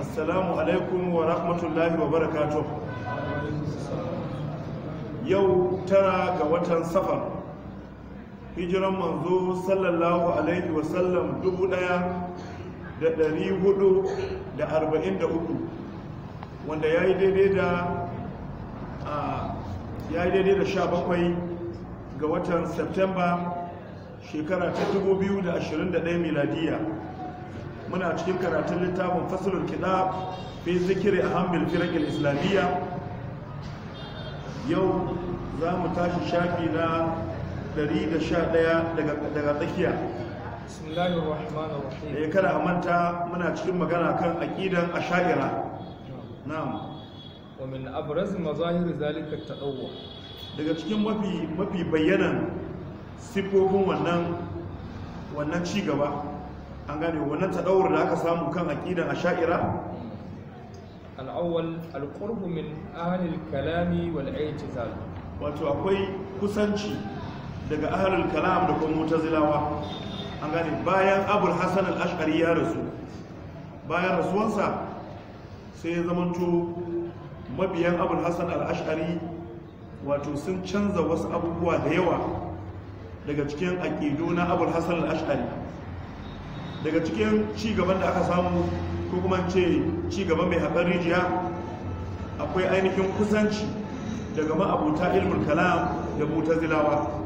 assalamu alaikum wa rahmatullahi wa barakatuh yau tara ga watan safar hijiran manzo sallallahu alaihi wasallam dubu daya da dari hudu da arba'in da uku wanda ya yi daidai da ya yi daidai da sha bakwai ga watan septemba shekara ta dubu biyu da ashirin da ɗaya miladiyya muna cikin karatun littafin fasulul kitab fi zikiri ahammil firqil islamiyya yau za mu tashi shafi na 111 daga tsakiya da rahmanir rahim eh, kada manta muna cikin magana kan aqidan ash'ira na'am wa min abraz mazahir zalika at-tadawwu daga cikin mafi mafi bayyana sifofin wannan wannan ci gaba an gane wannan tadawur da aka samu kan aqidan asha'ira al-awwal al-qurb min ahli al-kalami wal i'tizal wato akwai kusanci daga ahli al-kalam da kuma mutazilawa an gane bayan abul hasan al-ash'ari ya rasu bayan rasuwansa sai ya zamanto mabiyan abul hasan al-ash'ari wato sun canza wasu abubuwa da yawa daga cikin aqidu na abul hasan al-ash'ari daga cikin ci gaban da aka samu ko kuma ce ci gaban mai haɗar rijiya akwai ainihin kusanci daga ma'abuta ilmul kalam da zilawa.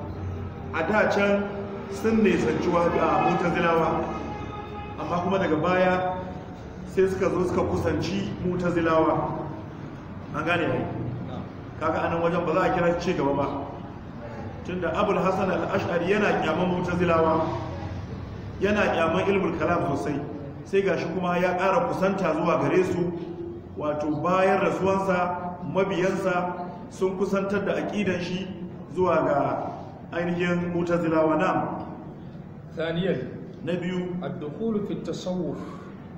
a da can sun nesanci da zilawa, amma kuma daga baya sai suka zo suka kusanci zilawa. an gane ne kaga anan wajen ba za a kira ci gaba ba tunda abul hasan al-ash'ari yana kyaman zilawa. yana kyaman ilmul kalam sosai sai gashi kuma ya ƙara kusanta zuwa gare su wato bayan rasuwansa mabiyansa sun kusantar da aƙidan shi zuwa ga ainihin mutazilawa na. daniel na biyu ad-dukhulu fi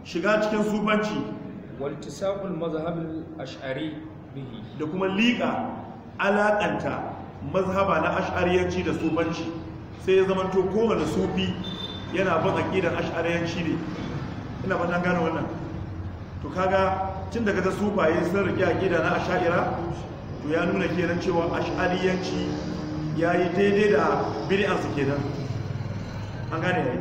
shiga cikin sufanci wal sabon ashari da kuma liƙa alaƙanta mazhaba na ash'ariyanci da sufanci sai ya zama to kowane sufi yana bin aqidan ash'ariyanci ne ina ba dan gane wannan to kaga tun daga ta sufaye sun rike aqida na ash'ira to ya nuna kenan cewa ash'ariyanci yi daidai da bid'an su kenan an gane ne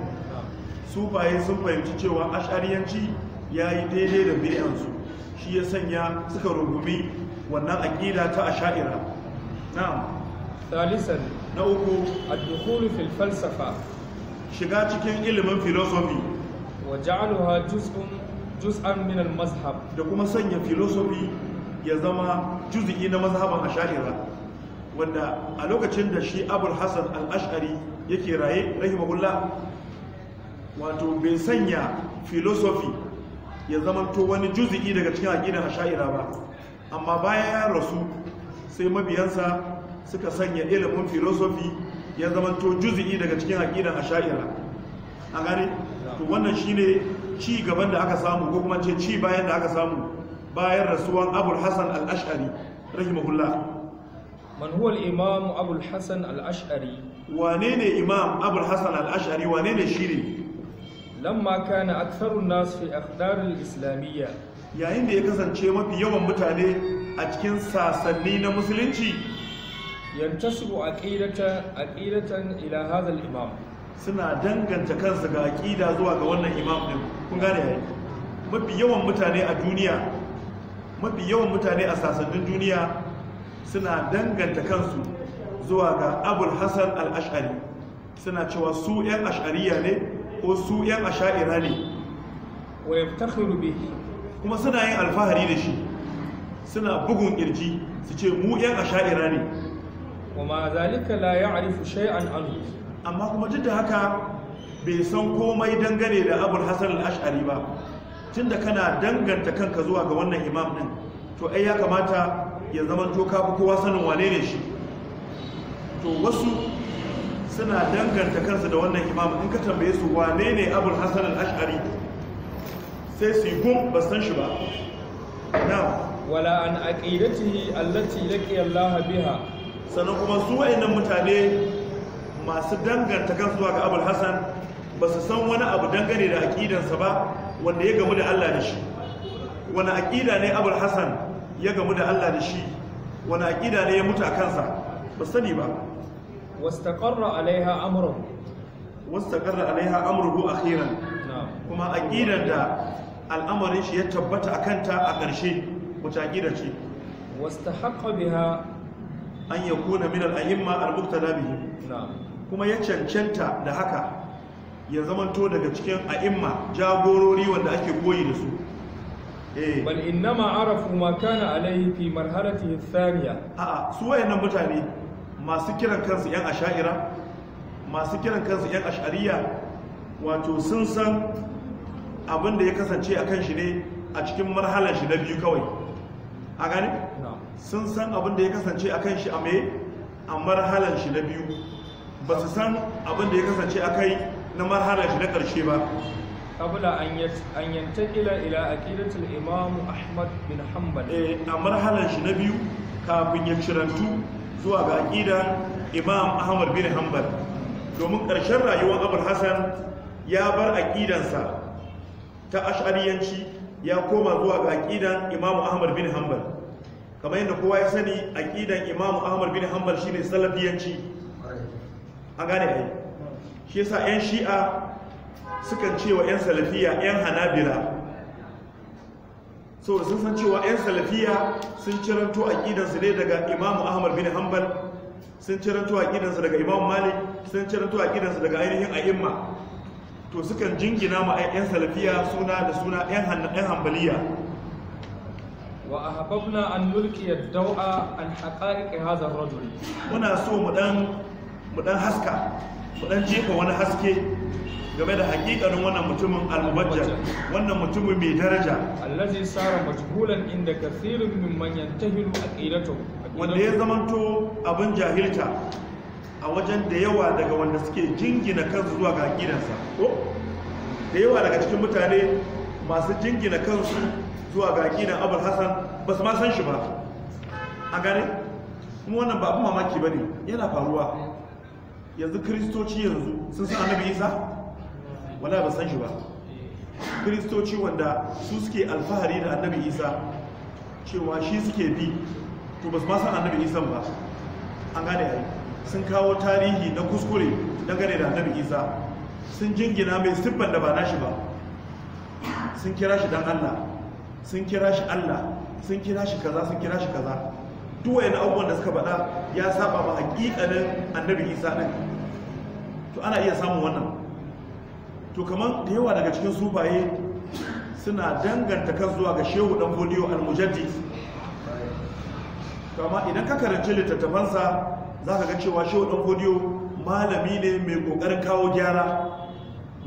sufaye sun fahimci cewa ash'ariyanci yi daidai da bid'an su shi ya sanya suka rungumi wannan aƙida ta ash'ira na'am uku نأكو الدخول في falsafa. shiga cikin ilimin filosofi wa ja'aluha juz'un juz'an min al-mazhab da kuma sanya filosofi ya zama juz'i na mazhaban ash'ariyya wanda a lokacin da shi Abul Hasan al-Ash'ari yake raye rahimahullah wato bai sanya filosofi ya zama to wani juz'i daga cikin aqidar ash'ariyya ba amma bayan ya rasu sai mabiyansa suka sanya ilimin filosofi. ya zama to juzi'i daga cikin aqidan asha'ira an gane to wannan shine ci gaban da aka samu ko kuma ce ci bayan da aka samu bayan rasuwan abul hasan al-ash'ari rahimahullah man huwa al-imam abul hasan al-ash'ari wane ne imam abul hasan al-ash'ari wane ne shi ne lamma kana aktharun nas fi akhdar al-islamiyya yayin da ya kasance mafi yawan mutane a cikin sasanni na musulunci yantasubu aqidata aqidatan ila hadha al-imam suna danganta kansu ga aqida zuwa ga wannan imam din kun gane yayi mafi yawan mutane a duniya mafi yawan mutane a sasannin duniya suna danganta kansu zuwa ga abul hasan al-ash'ari suna cewa su yan ash'ariya ne ko su yan Asha'ira ne wa yaftakhiru bihi kuma suna yin alfahari da shi suna bugun kirji su ce mu yan asha'ira ne wa ma zalika la ya'rifu shay'an amma kuma duk da haka bai san komai dangane da Abul Hasan al-Ash'ari ba tunda kana danganta kanka zuwa ga wannan imam din to ai ya kamata ya zama to ka fi kowa sanin wane ne shi to wasu suna danganta kansu da wannan imam in ka tambaye su wane ne Abul Hasan al-Ash'ari sai su gum ba san shi ba na'am wala an aqidatihi allati laqiya Allah biha sannan kuma su wa'annan mutane masu danganta kan zuwa ga abul hasan ba su san wani abu dangane da aƙidansa ba wanda ya gamu da allah da shi wani aƙida ne abul hasan ya gamu da allah da shi wani aƙida ne ya mutu a kansa ba su sani ba wastaqarra alaiha amruhu wastaqarra alaiha amruhu akhiran kuma aqidan da al'amarin shi ya tabbata a kanta a ƙarshe wata aqida ce haƙa biya. an ya min minan aimma al na biyu kuma ya cancanta da haka ya zamanto daga cikin a'imma jagorori wanda ake koyi da su eh. bal innama arafu ma a alaihi fi marhalatihi a a'a su wayannan mutane masu kiran kansu yan asha'ira masu kiran kansu yan ash'ariya wato sun san abin da ya kasance a kan shi ne a cikin marhalar shi na biyu kawai a gani sun san abin da ya kasance a kan shi a mai a marhalar shi na biyu ba su san abin da ya kasance a kai na marhalar shi na ƙarshe ba kabla an yanta ila a aqidatul imam'u ahmad bin hanbal eh, a marhalar shi na biyu kafin ya cirantu zuwa ga aqidan imam ahmad bin hanbal domin ƙarshen rayuwar abul hasan ya bar aqidansa ta ash'ariyanci ya koma zuwa ga aqidan imamu ahmad bin hanbal kamar yadda kowa ya sani aƙidan Imam Ahmad bin Hanbal shine salafiyanci an gane ai shi yasa yan shi'a sukan cewa yan salafiya yan hanabila saboda sun san cewa yan salafiya sun ciranto aqidan su ne daga Imam Ahmad bin Hanbal sun ciranto aqidan su daga Imam Malik sun ciranto aqidan su daga ainihin a'imma to sukan jingina ma yan salafiya suna da suna yan hanbaliya wa ahbabna an nulki ya dau'a an haqa'iq hadha ar-rajul muna so mu ɗan haska mu ɗan jefa wani haske game da hakikanin wannan mutumin al-mubajjal wannan mutumin mai daraja allazi sara majhulan inda kathirun mimman yantahilu aqidatuhu wanda ya zamanto abin jahilta a wajen da yawa daga wanda suke jingina kansu zuwa ga aqidansa ko da yawa daga cikin mutane masu jingina kansu zuwa ga na abul hassan ba su ma san shi ba a gane kuma wannan ba abin mamaki ba ne yana faruwa yanzu kiristoci yanzu sun san annabi isa wala ba san shi ba kiristoci wanda su suke alfahari da annabi isa cewa shi suke bi to ba su ma san annabi isa ba an gane ai sun kawo tarihi na kuskure dangane da annabi isa sun jingina mai siffan da ba nashi ba sun kira shi dan allah sun kira shi Allah sun kira shi kaza sun kira shi kaza duk wayannan abubuwan da suka faɗa ya saba ma hakikanin annabi Isa ɗin to ana iya samun wannan to kamar da yawa daga cikin sufaye suna danganta kan zuwa ga shehu dan bodiyo al-mujaddid idan ka karanci littattafansa za ka ga cewa shehu ɗan bodiyo malami ne mai kokarin kawo gyara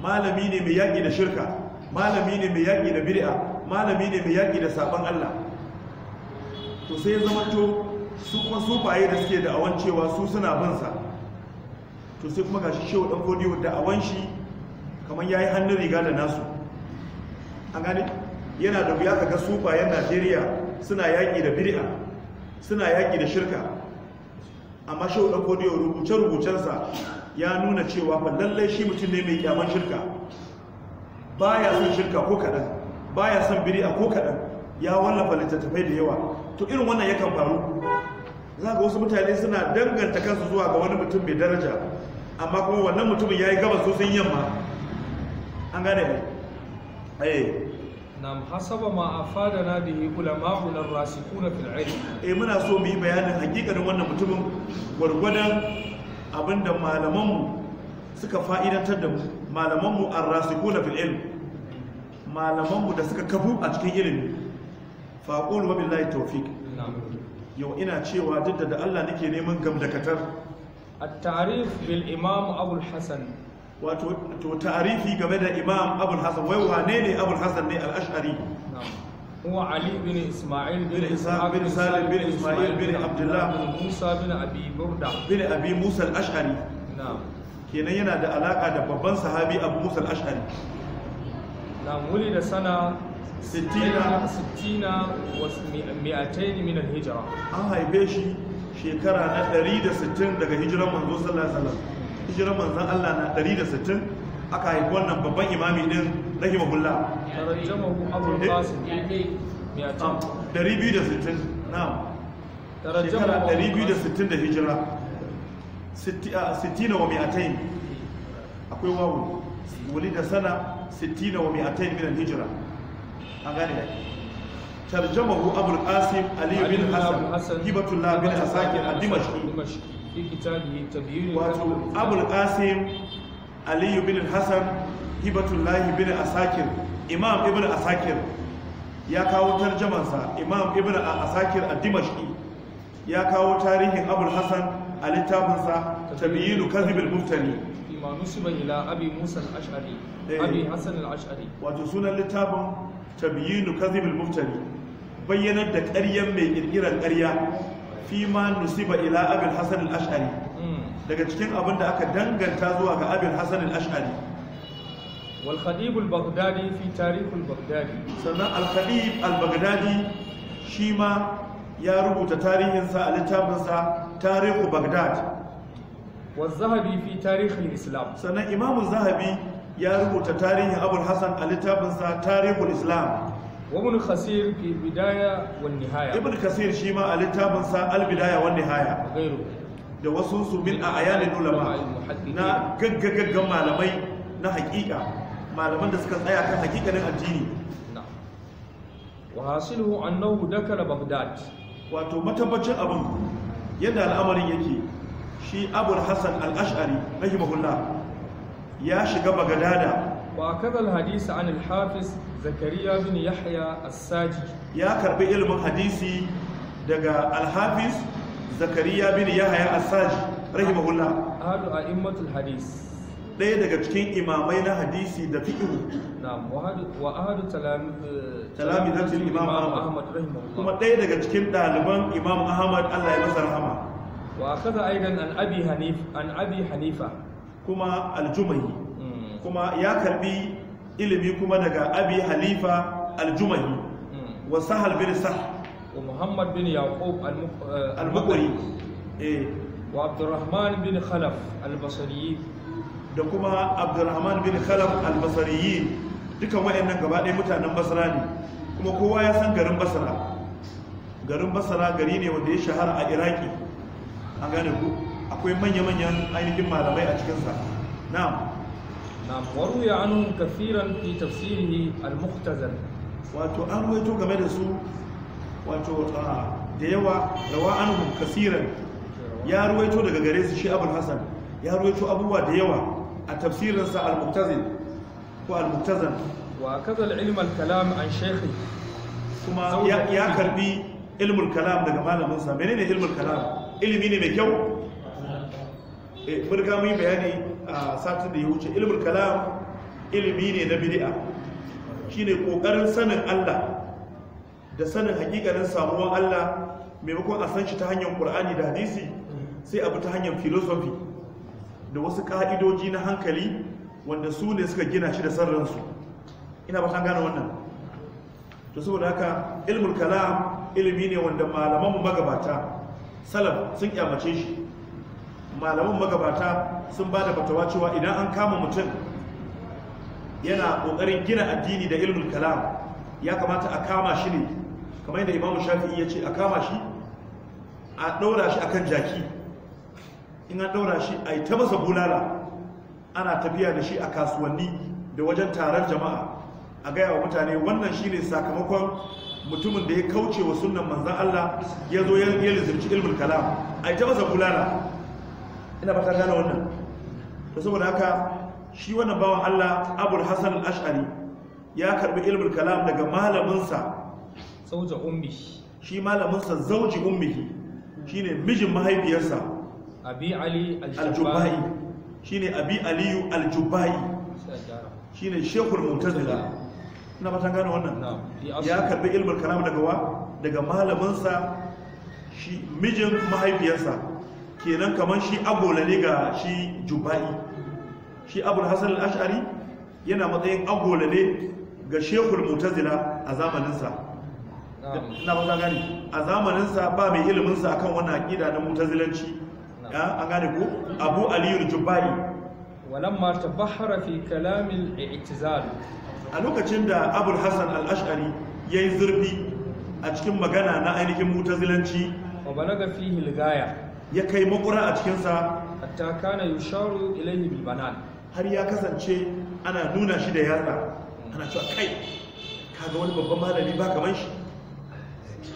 malami ne mai yaƙi da shirka malami ne mai yaƙi da bid'a malami ne mai yaƙi da sabon Allah to sai zama to su kuma sufaye da suke da awon cewa su suna bin sa to sai kuma gashi shehu dan godiyo da awon shi kamar yayi hannun riga da nasu an gane yana da wuya kaga sufayen Najeriya suna yaƙi da bid'a suna yaƙi da shirka amma shehu dan godiyo rubuce rubucensa ya nuna cewa fa lallai shi mutum ne mai kyaman shirka baya son shirka ko kaɗan baya son biri ko kaɗan ya wallafa littattafai da yawa to irin wannan ya kan faru za ga wasu mutane suna danganta kansu zuwa ga wani mutum mai daraja amma kuma wannan mutumin ya yi gaba sosai yamma an gane ai eh. nam hasaba ma afadana da ulama'u ar-rasikuna fil ilm E, muna so mu yi bayanin hakikanin wannan mutumin gwargwadon abinda malamanmu suka fa'idantar da mu malaman mu ar-rasikuna malamanmu da suka kafu a cikin ilimi faƙulu wa billahi tawfiq yau ina cewa duk da Allah nake neman gamdakatar at-ta'rif bil imam abul hasan wato to ta'rifi game da imam abul hasan wai wane ne abul hasan ne al-ash'ari هو Ali بن Isma'il bin إسحاق bin سالم bin إسماعيل bin عبد الله بن موسى بن أبي بردة بن أبي موسى الأشعري نعم kenan yana da alaka da babban sahabi Abu Musa al-Ash'ari na muli da sana 60 mi'atain min al-hijra an haife shi shekara na 160 daga hijiran manzo sallallahu hijiran manzon Allah na 160 aka haifi wannan babban imami din rahimahullah tarjamahu abul qasim 260 na'am shekara 260 da hijira 60 ah, wa mi'atain akwai wawu wuli da sana 60 wa 200 min al-hijra an gane da tarjamahu bin hasan hibatullah bin asakir bin hasan hibatullah bin asakir imam ibn asakir ya kawo tarihin abul a littafinsa tabyinu kadhib al nusiba ila abi musa al-ash'ari eh. abi hasan ashari wato sunan littafin tabyinu kadhib al-muftari bayyanar da ƙaryan mai kirkiran ƙarya fi ma nusiba ila abi hasan al-ash'ari hmm. daga cikin abin da aka danganta zuwa ga abi hasan al-ash'ari wal khadib al-baghdadi fi tarikh al-baghdadi sannan al khadib al-baghdadi shi ma ya rubuta tarihinsa a littafinsa tarihu baghdad والذهبي في تاريخ الإسلام سنة إمام الذهبي يروي تاريخ أبو الحسن الكتاب تاريخ الإسلام وابن كثير في البداية والنهاية ابن كثير شيما الكتاب البداية والنهاية وغيره da wasu su a ayalin ulama na gaggagaggan malamai na hakika malaman da suka tsaya kan hakikanin addini wa hasiluhu annahu dakala baghdad wato matabbacin abin yadda al'amarin yake shi abul hassan al-ash'ari rahimahullah ya shiga bagadada wa kadhal hadisi an al-hafiz zakariya bin yahya as-saji ya karbi ilimin hadisi daga al-hafiz zakariya bin yahya as-saji rahimahullah a a'immatul hadis ɗaya daga cikin imamai na hadisi da fiqhu na'am wa ahadu talamizatul imam ahmad rahimahullah kuma ɗaya daga cikin ɗaliban imam ahmad Allah ya masa rahama wa akhadha aidan an abi hanif an abi hanifa kuma al-jumahi hmm. kuma ya karbi ilimi kuma daga abi halifa aljumahi. jumahi hmm. wa sahal bin sah wa muhammad bin yaqub al-bukhari eh wa abdurrahman bin khalaf al-basri da kuma abdurrahman bin khalaf al-basri dukan wayannan gaba ɗaya mutanen basra ne kuma kowa ya san garin basra garin basra gari ne wanda ya shahara a iraki an gane ku akwai manya-manyan ainihin malamai a cikinsa na. na'am waruya anu kafiran fi tafsirihi al-muhtazar wato an ruwaito game da su wato da yawa rawa anhum kasiran ya ruwaito daga gare su shi abul hasan ya ruwaito abubuwa da yawa a tafsirinsa al-muhtazil ko al-muhtazan wa kaza al-ilm al-kalam an shaykhi kuma ya karbi ilmul kalam daga malamin sa menene ilmul kalam ilimi ne mai kyau eh, mun riga mun bayani a satin da ya wuce ilimin kalam ilimi ne na bidi'a shine kokarin sanin Allah da sanin hakikanin samuwan Allah maimakon a san shi ta hanyar Qur'ani da hadisi sai abu ta hanyar philosophy da wasu ka'idoji na hankali wanda su ne suka gina shi da sarransu ina ba gane wannan to saboda haka ilimin kalam ilimi ne wanda malaman mu magabata salaf sun kyamace shi malaman magabata sun ba da fatawa cewa idan an kama mutum yana kokarin gina addini da ilmul kalam ya kamata a kama shi ne kamar yadda imamu shafi'i ya ce a kama shi a ɗaura shi akan jaki in an ɗaura shi a yi ta masa bulala ana tafiya da shi a kasuwanni da wajen taron jama'a a gaya wa mutane wannan shi ne sakamakon mutumin da ya kauce wa sunan manzan Allah ya zo ya lizirci ilmin kalam a ita masa kulala. ina ba ta gane wannan Da saboda haka shi wannan bawan Allah abul Hassan al-ash'ari ya karbi ilmin kalam daga malaminsa zauja ummi shi malaminsa zauji Shi ne mijin mahaifiyarsa abi ali al-jubai shine abi aliyu al-jubai shine shekul mu'tazila ina fatan gane wannan ya karbi ilmul kalam daga wa daga malaminsa shi mijin mahaifiyarsa kenan kamar shi agola ne ga shi jubai shi abul hasan al-ash'ari yana matsayin agola ne ga shekul mutazila a zamaninsa ina fatan gane a zamaninsa ba mai iliminsa akan wannan aqida na mutazilanci an gane ko abu aliyu jubai ولما تبحر في كلام الاعتزال a lokacin da abul hassan al-ash'ari ya yi zurfi a cikin magana na ainihin mutazilanci wa balaga fi hilgaya. ya kai makura a cikinsa a takana yusharu ilayhi bil banan har ya kasance ana nuna shi da yatsa ana cewa kai kaga wani babban malami ba kaman shi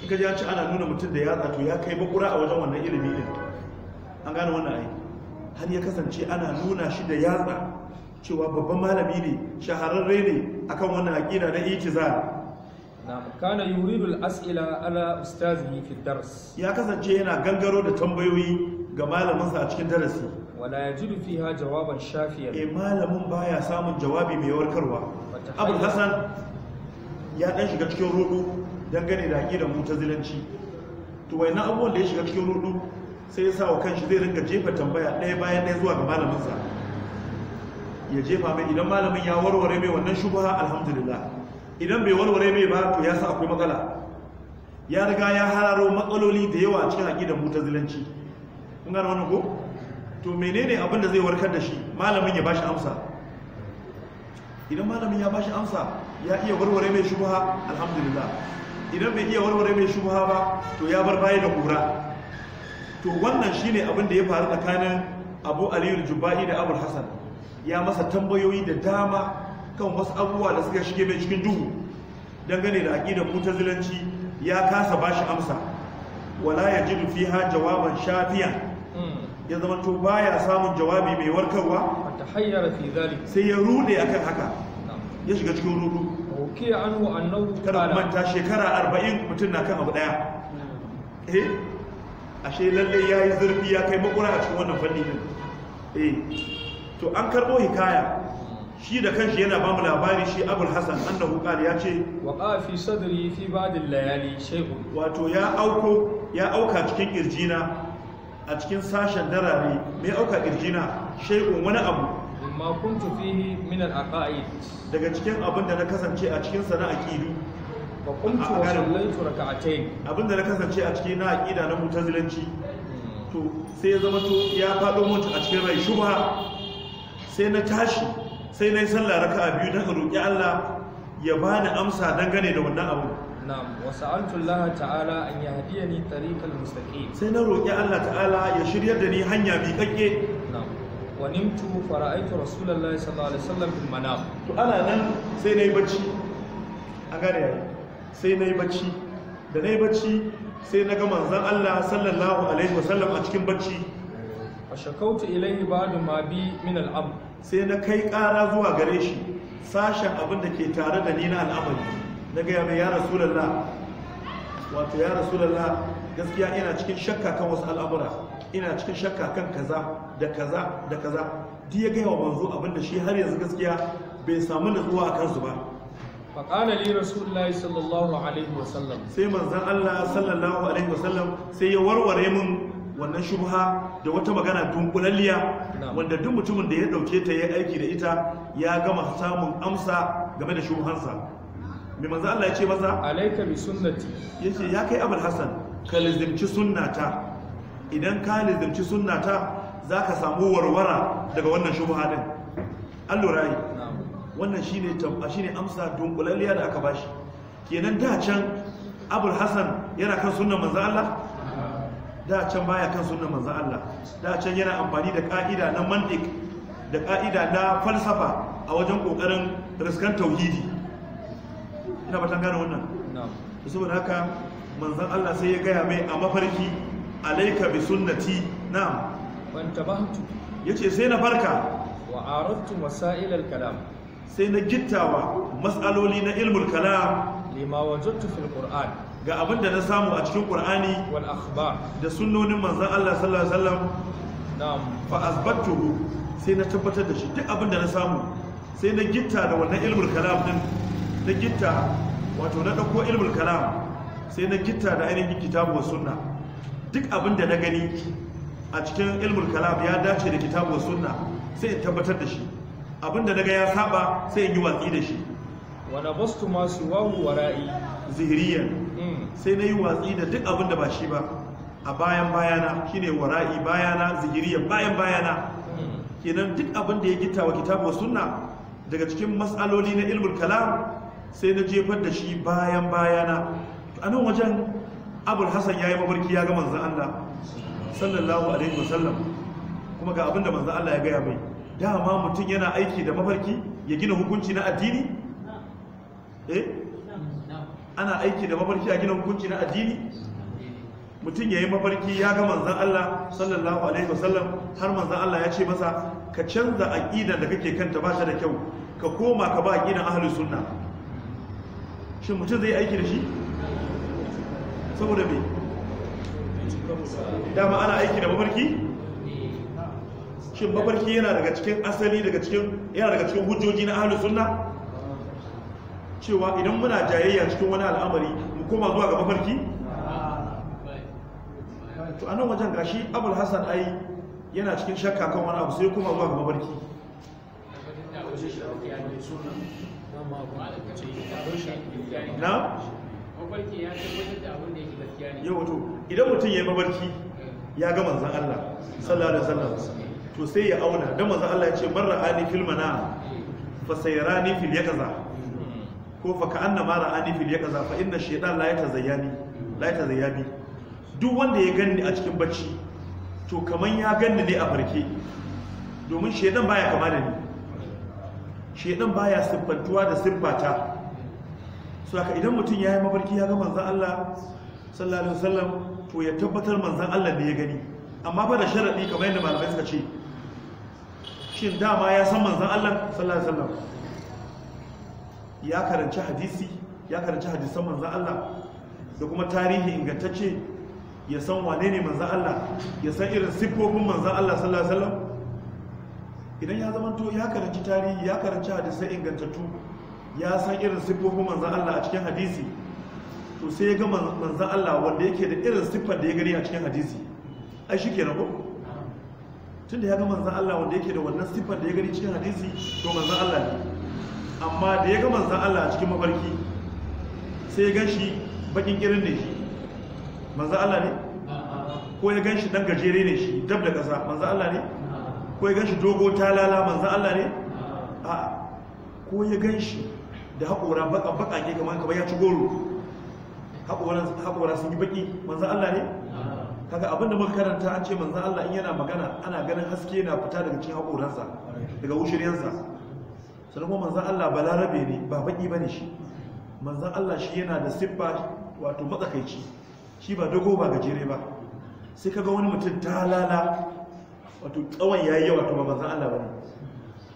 in ka ci ana nuna mutum da yatsa to ya kai makura a wajen wannan ilimi din an gane wannan ai har ya kasance ana nuna shi da yatsa cewa babban malami ne shahararre ne akan wannan aqida na itiza na'am kana yuridu al-as'ila ala ustazihi fi dars ya kasance yana gangaro da tambayoyi ga sa a cikin darasi wala yajidu fiha jawaban shafiyan eh malamin baya samun jawabi mai warkarwa abul hasan ya dan shiga cikin rudu dangane da aqidar mutazilanci to wai na abubuwan da ya shiga cikin rudu sai ya sa wa kanshi zai ringa jefa tambaya ɗaya bayan ɗaya zuwa ga sa ya jefa mai idan malamin ya warware mai wannan shubha alhamdulillah idan bai warware mai ba to ya sa akwai matsala ya riga ya hararo matsaloli da yawa cikin aqidar mutazilanci kun gane wannan ko to menene abin zai warkar da shi malamin ya bashi amsa idan malamin ya bashi amsa ya iya warware mai shubha alhamdulillah idan bai iya warware mai shubha ba to ya bar baya da kura to wannan shine abin da ya faru tsakanin Abu Aliyu Jubba'i da Abu hasan. ya masa tambayoyi da dama kan wasu abubuwa da suka shige mai cikin duhu dangane da aƙidar mutazilanci ya kasa ba shi amsa wala hmm. ya fi ha jawaban shafiya ya zama to baya samun jawabi mai warkarwa sai ya rude akan haka ya shiga cikin rudu kada manta shekara arba'in mutum na kan abu daya hmm. eh ashe lallai ya yi zurfi ya kai makura a cikin wannan fanni din eh to an karbo hikaya shi da kanshi yana ba mu labari shi abul hasan annahu qala ya ce wa fi sadri fi ba'd al-layali shay'un wato ya auko ya auka cikin irjina a cikin sashen darare mai auka irjina shay'un wani abu ma kuntu fihi min al-aqaid daga cikin abin da na kasance a cikin sana aqidu wa kuntu wa sallaitu rak'atayn abin da na kasance a cikin na aqida na mutazilanci hmm. to sai ya zama to ya fado mutu a cikin rai shubha sai na tashi sai na yi sallah raka biyu don roƙi Allah ya bani amsa dangane da wannan abu na'am wa sa'altu Allah ta'ala an yahdiyani tariqal mustaqim sai na roƙi Allah ta'ala ya shiryar da ni hanya bi kakke na'am wa nimtu fara'aitu rasulullahi sallallahu alaihi wasallam bil manam to ana nan sai na yi bacci a gane sai na yi bacci da na yi bacci sai na ga manzon Allah sallallahu alaihi wasallam a cikin bacci fa shakautu ilayhi ba'du ma bi min al'am sai na kai ƙara zuwa gare shi sashen abin da ke tare da ni na al'amari na gaya mai ya rasulullah wato ya rasulullah gaskiya ina cikin shakka kan wasu al'amura ina cikin shakka kan kaza da kaza da kaza duk ya gaya wa manzo abin da shi har yanzu gaskiya bai samu nutsuwa a kansu ba faƙalar yi rasulullahi sallallahu alaihi wasallam sai manzan allah sallallahu alaihi wasallam sai ya warware mun wannan shubha da wata magana dunkulalliya wanda duk mutumin da ya dauke ta ya aiki da ita ya gama samun amsa game da shubhansa mai manzo Allah ya ce masa alayka bi sunnati yace ya kai abul hasan ka lizimci sunnata idan ka lizimci sunnata zaka samu warwara daga wannan shubha din allurai wannan shine shine amsa dunkulalliya da aka bashi kenan da can abul hasan yana kan sunnan manzo Allah da can baya kan sunan manzan Allah da can yana amfani da ka'ida na mantik da ka'ida na falsafa a wajen kokarin riskan tauhidi ina ba gane wannan saboda haka manzan Allah sai ya gaya mai a mafarki alaika bi sunnati na'am ban tabahtu yace sai na farka wa araftu masail al kalam sai na gittawa masaloli na ilmul kalam lima wajadtu fil qur'an ga abin da na samu a cikin qur'ani da sunnonin manzon Allah sallallahu alaihi wasallam na'am fa sai na tabbatar da shi duk abin da na samu sai na gitta da wannan ilmul kalam din na gitta wato na dauko ilmul kalam sai na gitta da ainihin kitabu wa sunna duk abin da na gani a cikin ilmul kalam ya dace da kitabu wa sunna sai in tabbatar da shi abin da na ga ya saba sai in yi watsi da shi wa nabastu ma siwahu wara'i zihriyan sai na yi watsi da duk abin da ba shi ba a bayan bayana shine wara'i bayana zigiriya bayan bayana kenan duk abin da ya gita wa kitabu sunna daga cikin matsaloli na ilmul kalam sai na jefar da shi bayan bayana a nan wajen abul hasan ya yi mabarki ya ga manzan allah sallallahu alaihi wasallam kuma ga abin da manzan allah ya gaya mai dama mutum yana aiki da mafarki ya gina hukunci na addini eh ana aiki da mafarki a gina hukunci na addini mutum ya yi mafarki ya ga manzan Allah sallallahu alaihi wasallam har manzan Allah ya ce masa ka canza aƙidan da kake kanta ba ta da kyau ka koma ka ba aƙidan ahlus sunna shin mutum zai aiki da shi saboda me dama ana aiki da mafarki shin mafarki yana daga cikin asali daga cikin yana daga cikin hujjoji na ahlus sunna cewa idan muna jayayya cikin wani al'amari mu koma zuwa ga mafarki to anan wajen gashi abul hasan ai yana cikin shakka kan wani abu sai koma zuwa ga mafarki na mafarki ya tabbatar da abin da yake gaskiya ne yau idan mutum ya yi mafarki ya ga manzan Allah sallallahu alaihi wasallam to sai ya auna dan manzan Allah ya ce man ra'ani fil mana fa sayrani fil yakaza ko fa ka annama ani fil kaza fa inna shaytan la yatazayyani la yatazayyani duk wanda ya ganni a cikin bacci to kaman ya ganni ne a farke domin shaytan baya kama da ni shaytan baya siffantuwa da siffata so haka idan mutum yayi mafarki ya ga manzon Allah sallallahu alaihi wasallam to ya tabbatar manzon Allah ne ya gani amma ba da sharadi kamar yadda malamai suka ce shin dama ya san manzon Allah sallallahu alaihi wasallam ya karanci hadisi ya karanci hadisan manzan Allah da kuma tarihi ingantacce ya san wane ne manzan Allah ya san irin siffofin manzan Allah sallallahu alaihi wasallam idan ya zama to ya karanci tarihi ya karanci hadisan ingantattu ya san irin siffofin manzan Allah a cikin hadisi to sai ya ga manzan Allah wanda yake da irin siffar da ya gani a cikin hadisi ai shi kenan ko tunda ya ga manzan Allah wanda yake da wannan siffar da ya gani cikin hadisi to manzan Allah ne amma da ya ga manzan Allah cikin mafarki sai ya gan shi bakin kirin ne shi manzan Allah ne ko ya gan shi dan gajere ne shi dab da ƙasa manzan Allah ne ko ya gan shi dogo talala manzan Allah ne a ko ya gan shi da haƙora baƙaƙe kamar kamar ya ci goro haƙora sun yi baƙi manzan Allah ne kaga abinda da karanta an ce manzan Allah in yana magana ana ganin haske na fita daga cikin haƙoransa daga wushiryansa sannan kuma manzan Allah ba larabe ne ba baki ba ne shi manzan Allah shi yana da siffa wato matsakaici shi ba dogo ba gajere ba sai kaga wani mutum ta lala wato tsawon ya yi yawa to ba manzan Allah ba ne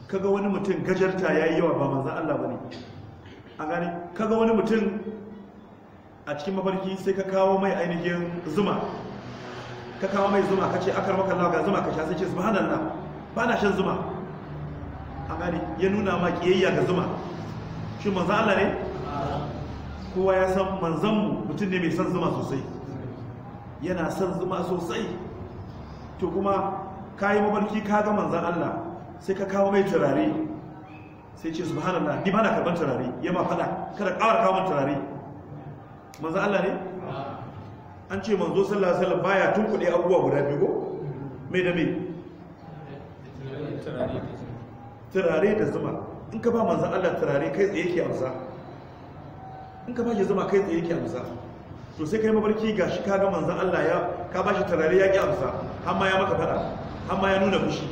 kaga wani mutum gajarta ya yi yawa ba manzan Allah ba ne a gani kaga wani mutum a cikin mafarki sai ka kawo mai ainihin zuma ka kawo mai zuma ka ce akar maka lawa ga zuma ka sha sai ce subhanallah ba na shan zuma a gani ya nuna ma kiyayya ga zuma shi manzan Allah ne kowa ya san manzan mu mutum ne mai san zuma sosai yana san zuma sosai to kuma kayi mabarki ka ga manzan Allah sai ka kawo mai turare sai ce subhanallah ni ba na karban turare ya ma fada kada kawar kawo turare manzan Allah ne an ce manzo sallallahu alaihi wasallam baya tunkuɗe abubuwa guda biyu ko me da me turare da zuma in ka ba manzan Allah turare kai tsaye ke amsa in ka ba shi zuma kai tsaye ke amsa to sai kai mabarki ga shi ga manzan Allah ya ka ba shi turare ya ki amsa har ma ya maka fada har ma ya nuna fushi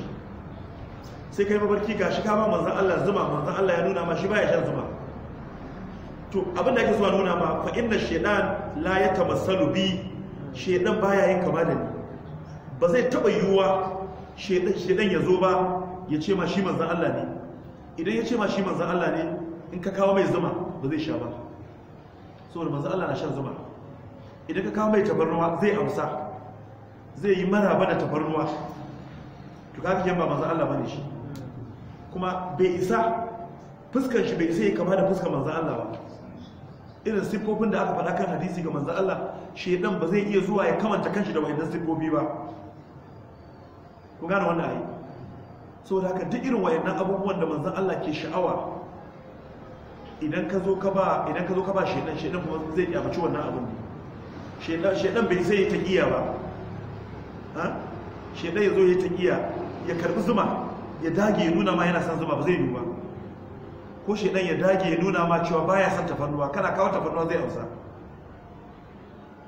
sai kai mabarki ga shi ka ba manzan Allah zuma manzan Allah ya nuna ma shi ba ya shan zuma to abin da ake zuwa nuna ma fa inna shaytan la yatamassalu bi shaytan baya yin kama da ni ba zai taba yiwuwa shaytan ya zo ba ya ce ma shi manzan Allah ne idan ya ce ma shi manzan Allah ne in ka kawo mai zuma ba zai sha ba saboda manzan Allah na shan zuma idan ka kawo mai tabarnuwa zai amsa zai yi maraba da tabarnuwa to ka kaga yamma manzan Allah bane shi kuma bai isa fuskan shi bai sai ya kama da fuskan manzan Allah ba irin siffofin da aka faɗa kan hadisi ga manzan Allah shedan ba zai iya zuwa ya kamanta kanshi da wayannan siffofi ba ku gane wannan ayi da haka duk irin wayannan abubuwan da manzan Allah ke sha'awa idan ka zo ka ba idan ka zo ka ba shedan shedan kuma zai kyamaci wannan abun ne shedan shedan bai sai ta giya ba ha shedan yazo ya ta giya ya karbi zuma ya dage ya nuna ma yana son zuma ba zai yi ba ko shedan ya dage ya nuna ma cewa baya son tafarnuwa kana kawo tafarnuwa zai amsa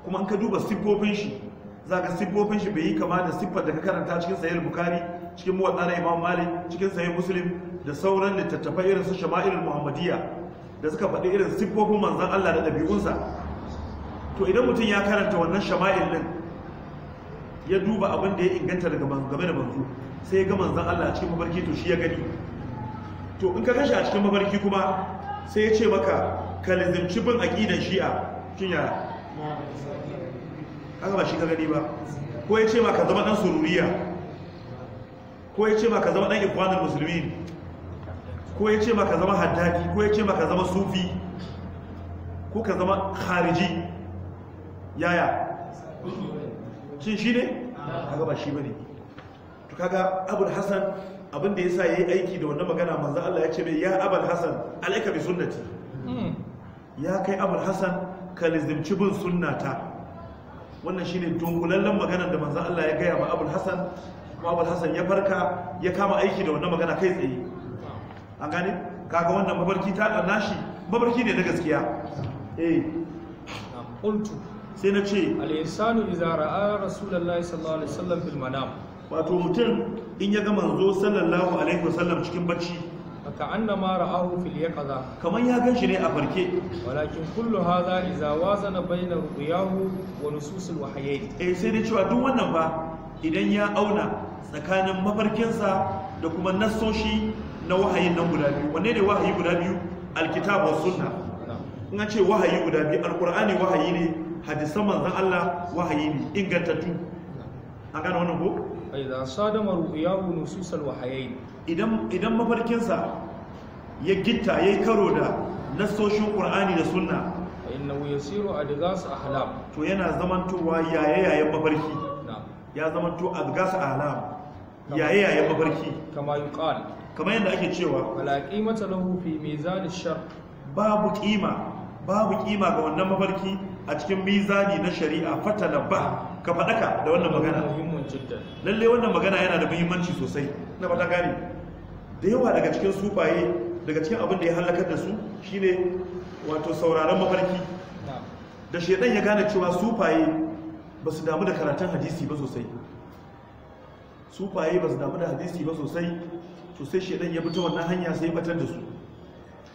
kuma in ka duba siffofin shi za ka siffofin shi bai yi kama da siffar da ka karanta cikin sayar bukhari cikin muwadda na imam malik cikin sahih muslim da sauran littattafai irin su shama'ilul muhammadiyya da suka faɗi irin siffofin manzon Allah da ɗabi'unsa to idan mutum ya karanta wannan shama'il din ya duba abin da ya inganta daga game da manzo sai ya ga manzon Allah a cikin mafarki to shi ya gani to in ka gashi a cikin mafarki kuma sai ya ce maka ka lizimci bin aqidan shi'a shin ya haka ba shi ka gani ba ko ya ce maka zama dan sururiya ko ya ce ma ka zama ɗan ikwanin musulmi ko ya ce ma ka zama haddadi ko ya ce ma ka zama sufi ko ka zama khariji yaya shin shi ne kaga ba shi bane to kaga abul hasan abin da yasa yayi aiki da wannan magana manzo Allah ya ce mai ya abul hasan alayka bi sunnati ya kai abul hasan ka lizimci bin sunnata wannan shine dungulallen magana da manzo Allah ya gaya ma abul hasan kuma Hassan ya farka ya kama aiki da wannan magana kai tsaye an gane kaga wannan mabarki ta ɗana shi mabarki ne na gaskiya eh na qultu sai na ce al-insanu idza ra'a rasulullahi sallallahu alaihi wasallam bil manam wato mutum in ya ga manzo sallallahu alaihi wasallam cikin bacci ka annama ra'ahu fil yaqza kaman ya ganshi ne a farke walakin kullu hadha idza wazana baina ru'yahu wa nusus al wahyayn eh sai na cewa duk wannan ba idan ya auna tsakanin mafarkinsa da kuma nassoshi na wahayin nan guda biyu wanne ne wahayi guda biyu alkitab wa sunna in an ce wahayi guda biyu alkur'ani wahayi ne hadisan manzon Allah wahayi ne ingantattu an gane wannan ko idan sadama ru'yahu nususal wahayain idan idan mafarkinsa ya gitta yayi karo da nassoshin qur'ani da sunna fa innahu yasiru adghas ahlam to yana zamantowa yayayayen mafarki ya zamanto adghas ahlam yaye yaye mafarki kama yuqal kama yadda ake cewa alaƙi matsalin hufi mai zani shar babu kima babu kima ga wannan mafarki a cikin mizani na shari'a fata ba ka faɗaka da wannan magana lalle wannan magana yana da muhimmanci sosai na fata gane da yawa daga cikin sufaye daga cikin abin da ya halakar da su shine wato sauraron mafarki da shedan ya gane cewa sufaye ba su damu da karatun hadisi ba sosai faye ba su damu da hadisi ba sosai sosai shaidan ya fito wannan hanya sai batar da su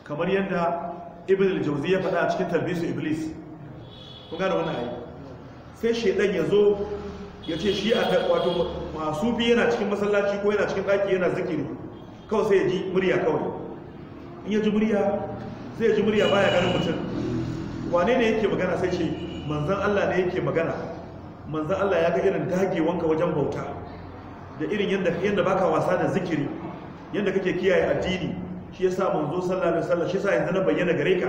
kamar yadda ibn al-jawzi ya faɗa a cikin tarbiyyar iblis kun gane wannan ayi sai shaidan ya zo ya ce shi a ta wato masu bi yana cikin masallaci ko yana cikin ɗaki yana zikiri kawai sai ya ji murya kawai in ya ji murya sai ya ji murya baya ganin mutum wane ne yake magana sai ce manzan Allah ne yake magana manzan Allah ya ga irin dagewanka wajen bauta da irin yadda yadda baka wasa da zikiri yadda kake kiyaye addini shi yasa manzo sallallahu alaihi wasallam shi yasa yanzu na bayyana gare ka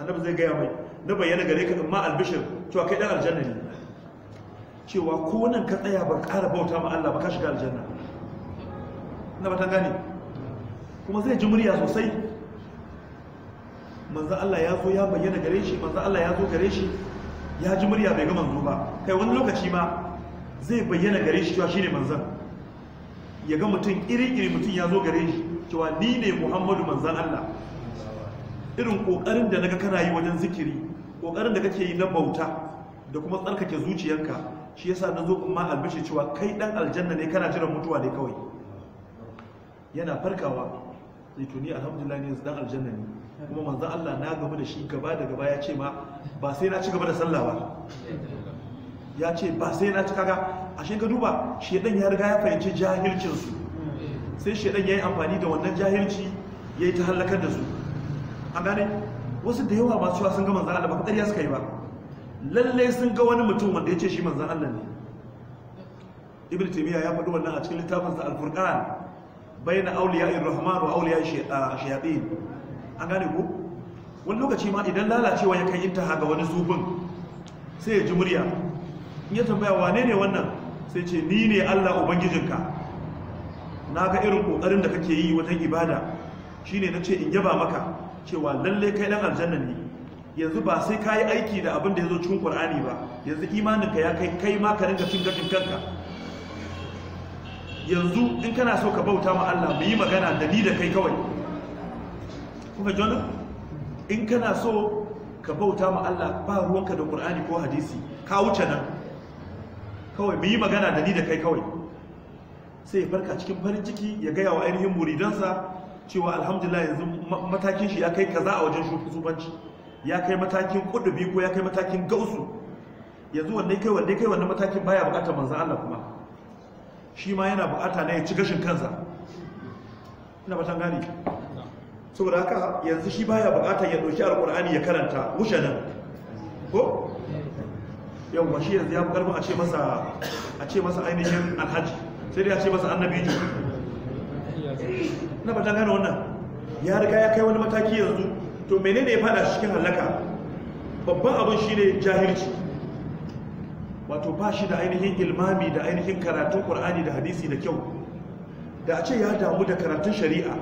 annabi zai gaya mai na bayyana gare ka amma albishir cewa kai dan aljanna ne cewa ko nan ka tsaya ba ƙara bauta ma Allah ba ka shiga aljanna na bata gane kuma zai ji murya sosai manzo Allah ya zo ya bayyana gare shi manzo Allah ya zo gare shi ya ji murya bai ga manzo ba kai wani lokaci ma zai bayyana gare shi cewa shine manzo ya ga mutum iri-iri mutum ya zo gare shi cewa ni ne muhammadu manzan Allah irin ƙoƙarin da naga kana yi wajen zikiri ƙoƙarin da kake yi na bauta da kuma tsarkake zuciyarka shi yasa na zo kuma albishi cewa kai ɗan aljanna ne kana jiran mutuwa ne kawai yana farkawa eh, to ni alhamdulillah ne dan aljanna ne kuma manzan Allah na gaba da shi gaba da gaba ya ce ma ba sai na ci gaba da sallah ba ya ce ba sai na ci A ashe ka duba shedan ya riga ya fahimci jahilcinsu sai shedan ya yi amfani da wannan jahilci ya yi ta hallakar da su an gane wasu da yawa masu cewa sun ga manzan Allah ba ya suka yi ba lalle sun ga wani mutum wanda ya ce shi manzan Allah ne ibn taymiya ya faɗi wannan a cikin littafin sa al-furqan bayna awliya'ir rahman wa awliya'ish shayatin an gane ko wani lokaci ma idan lalacewa ya kai intaha ga wani zubin sai ya ji murya in ya tambaya wane ne wannan sai ce ni ne Allah ubangijinka na ga irin kokarin da kake yi wajen ibada shine ce in yaba maka cewa lallai kai dan aljanna ne yanzu ba sai ka yi aiki da abin da zo cikin ƙwar'ani ba yanzu imaninka ya kai kai ma ka ringa cin kanka yanzu in kana so ka bauta ma Allah mu yi magana da ni da kai kawai kuma jona in kana so ka bauta ma Allah ba ruwanka da ƙwar'ani ko hadisi ka wuce nan kawai mu yi magana da ni da kai kawai sai ya farka cikin farin ciki ya gaya wa ainihin muridansa cewa alhamdulillah yanzu matakin shi ya kai kaza a wajen shugabanci ya kai matakin kudubi ko ya kai matakin gausu yanzu wanda kai wanda kai wannan matakin baya bukatar manzo Allah kuma shi ma yana bukata ne ya ci gashin kansa ina batan gani saboda haka yanzu shi baya bukatar ya dauki alqur'ani ya karanta wushanan ko yau shi yanzu ya karbi a ce masa a ce masa ainihin alhaji sai dai a ce masa annabi ji na bata gane wannan ya riga ya kai wani mataki yanzu to menene ya fada cikin halaka babban abin shine jahilci wato ba shi da ainihin ilmami da ainihin karatun qur'ani da hadisi da kyau da a ce ya damu da karatun shari'a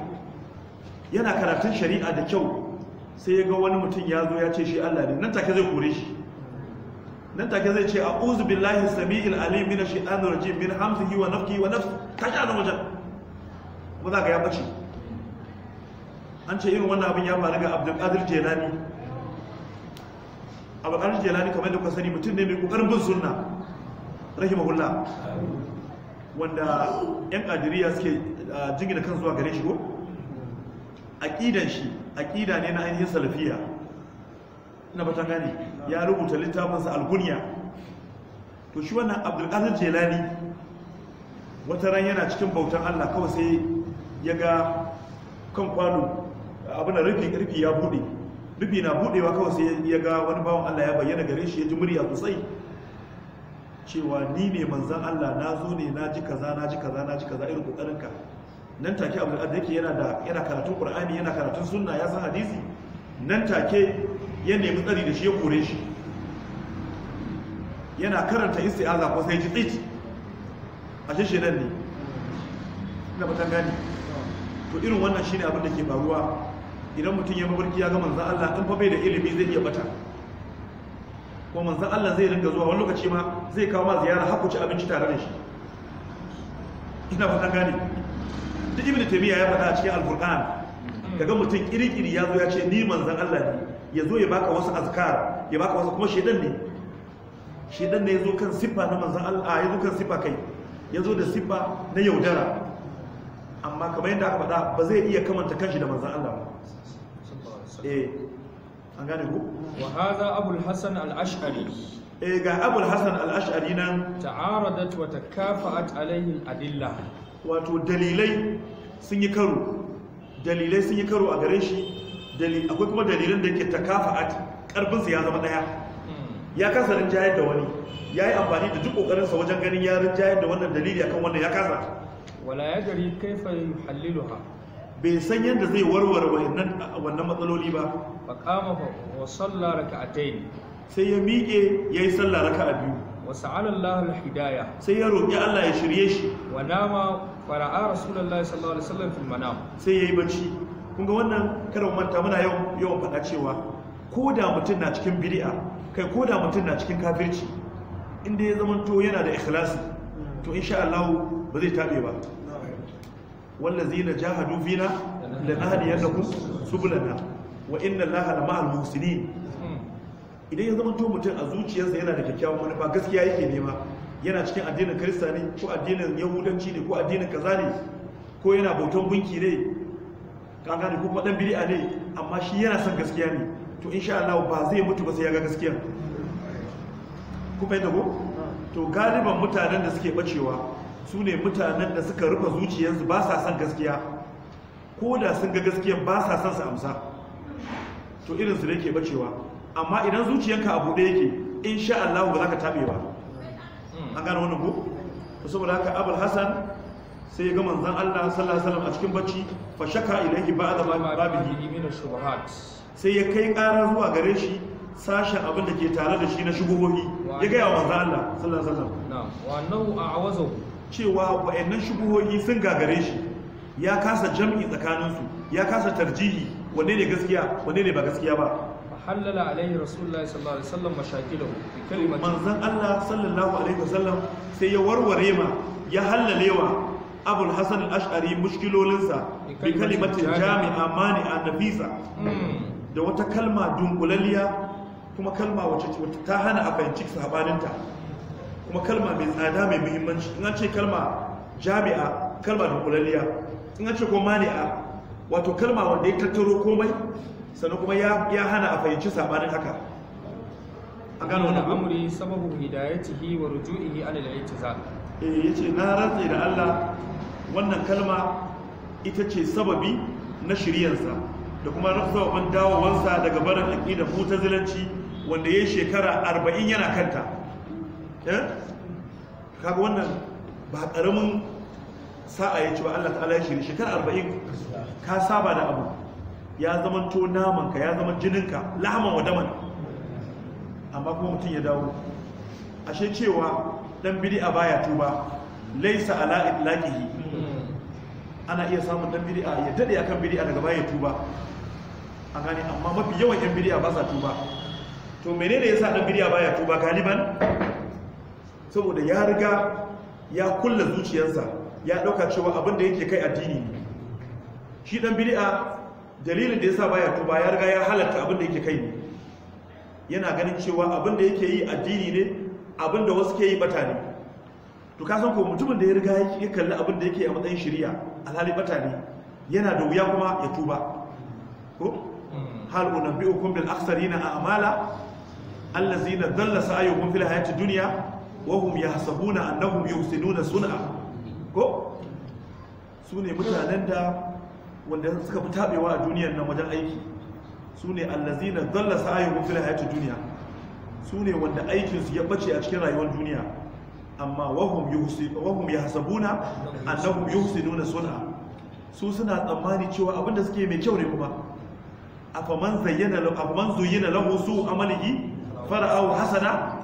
yana karatun shari'a da kyau sai ya ga wani mutum ya zo ya ce shi Allah ne nan take zai kore shi nan take zai ce a'udhu billahi samiil alim minash shaitanir rajim min hamzihi wa nafthihi wa nafsi kaji anan wajen mu za ya bace an ce irin wannan abin ya faru ga Abdul Qadir Jilani Abdul Qadir Jilani kamar da ku sani mutum ne mai kokarin bin sunna rahimahullah wanda yan Qadiriyya suke jingina kan zuwa gare shi ko aqidan shi aqida ne na ainihin salafiyya ina ba ta gane ya rubuta littafinsa algunya to shi wannan abdulkadir jelani wata ran yana cikin bautan allah kawai sai ya ga kan kwano abin da rufi ya bude rufi na budewa kawai sai ya ga wani bawan allah ya bayyana gare shi ya ji murya sosai cewa ni ne manzan allah na zo ne na ji kaza na ji kaza na ji kaza irin kokarinka nan take abdulkadir yake yana da yana karatun qur'ani yana karatun sunna ya san hadisi nan take ya nemi tsari da shi ya kore shi yana karanta isti'aza ko sai ji tsit a shi nan ne ina batan gani to irin wannan shine abin da ke faruwa idan mutum ya mabarki ya ga manzan Allah in fa bai da ilimi zai iya bata ko manzan Allah zai ringa zuwa wani lokaci ma zai kawo ma ziyara har ci abinci tare da shi ina fatan gani duk ibnu taymiya ya faɗa a cikin alqur'an kaga mutum kirikiri ya zo ya ce ni manzan Allah ne ya zo ya baka wasu azkar ya baka wasu kuma shedan ne shedan ne ya zo kan siffa na manzan Allah ya zo kan siffa kai ya zo da siffa na yaudara amma kamar yadda aka faɗa ba zai iya kamanta kanshi da manzan Allah ba eh an gane ku wa hadha abul hasan al-ash'ari eh ga abul hasan al-ash'ari nan ta'aradat wa takafa'at alaihim adilla wato dalilai sun yi karo dalilai sun yi karo a gare shi akwai kuma dalilin da ke takafa'at karfinsa ya zama daya ya kasa rinjayar da wani ya yi amfani da duk kokarinsa wajen ganin ya rinjayar da wannan dalili akan wannan ya kasa wala ya gari kaifa yuhalliluha bai san yadda zai warware wannan matsaloli ba ba, wa salla raka'atayn sai ya miƙe yayi sallah raka'a biyu wa sa'ala Allah al-hidayah sai ya roƙi Allah ya shirye shi wa nama fara'a rasulullahi sallallahu alaihi wasallam fil manam sai yayi bacci kun wannan kada manta muna yawan yawan faɗa cewa ko da mutum na cikin bid'a kai ko da mutum na cikin kafirci inda ya zama to yana da ikhlasi to insha Allah ba zai tabe ba zina jahadu fina ku subulana wa inna la ma'al muhsinin idan ya zama to mutum a zuciyarsa yana da kyakkyawan manufa gaskiya yake nema yana cikin addinin kristani ko addinin yahudanci ne ko addinin kaza ko yana bautan gunki ne kaga da kuma dan bid'a ne amma shi yana son gaskiya ne to insha Allah ba zai mutu ba sai ya ga gaskiya ku yadda ko to galiban mutanen da suke bacewa su ne mutanen da suka rufe zuciyarsu ba sa son gaskiya ko da sun ga gaskiya ba sa son su amsa to irin su ne ke bacewa amma idan zuciyarka a buɗe yake insha Allah ba za ka tabe ba an gane wannan ko saboda haka Abul hasan sai ga manzan Allah sallallahu alaihi wasallam a cikin bacci fa shaka ilaihi ba'da babihi min shubuhat sai ya kai ƙara zuwa gare shi sashen abin da ke tare da shi na shubuhohi ya ga yawa manzon Allah sallallahu alaihi wasallam na'am wa annahu a'awazu cewa wa'annan shubuhohi sun gagare shi ya kasa jam'i tsakaninsu ya kasa tarjihi wanne ne gaskiya wanne ne ba gaskiya ba حلل alaihi rasulullah sallallahu alaihi wasallam عليه وسلم Manzan Allah منزل الله صلى الله sai ya warware ma ya halalewa. abul hasan al-ash'ari mushkilolinsa bi kalimatin jami'a mani'a nafisa hmm. da wata kalma dunkulaliya kuma kalma wacce ta hana a fahimci sabaninta kuma kalma mai tsada mai muhimmanci in an ce kalma jami'a kalma dunkulaliya in an ce ko mani'a wato kalma wanda ya tattaro komai sannan kuma ya hana a fahimci sabanin haka a gano na amuri sababu hidayatihi wa rujuihi alal ittiza eh yace na rantsi da Allah wannan kalma ita ce sababi na shiryansa da kuma rafsawa dawowansa daga barin aƙidar zilanci wanda ya yi shekara arba'in yana kanta eh? kaga wannan ba ƙaramin sa'a ya ce ba Allah ta'ala ya shirya shekara arba'in ka saba da abu ya zama to namanka ya zama jininka lahaman wa daman amma kuma mutum ya dawo ashe cewa dan a baya tuba laisa ala itlaqihi ana iya samun dan bid'a ya dade akan bid'a daga baya tuba A gane amma mafi yawan yan bid'a ba sa tuba to menene yasa dan bid'a baya tuba galiban saboda ya riga ya kulla zuciyarsa ya dauka cewa abin da yake kai addini ne shi dan bid'a dalilin da yasa baya tuba ya riga ya halarta abin da yake kai ne yana ganin cewa abin da yake yi addini ne abin da wasu ke yi bata ne to ka san ko mutumin da ya riga ya kalli abin da yake a matsayin shari'a alhali bata ne yana da wuya kuma ya tuba ko hmm. hal unabbiukum bil a a'mala allazina dhalla sa'yuhum fil hayati dunya wa hum yahsabuna annahum yuhsinuna sun'a ko su ne mutanen da wanda suka fi tabewa a duniyar nan wajen aiki su ne allazina dhalla sa'yuhum fil hayati dunya su ne wanda aikinsu ya bace a cikin rayuwar duniya amma wahum yuhsinu wahum yahsabuna annahum nuna sun'a su suna tsammani cewa abinda suke mai kyau ne kuma afaman zayyana lahu afaman a lahu su amalihi fara'ahu hasana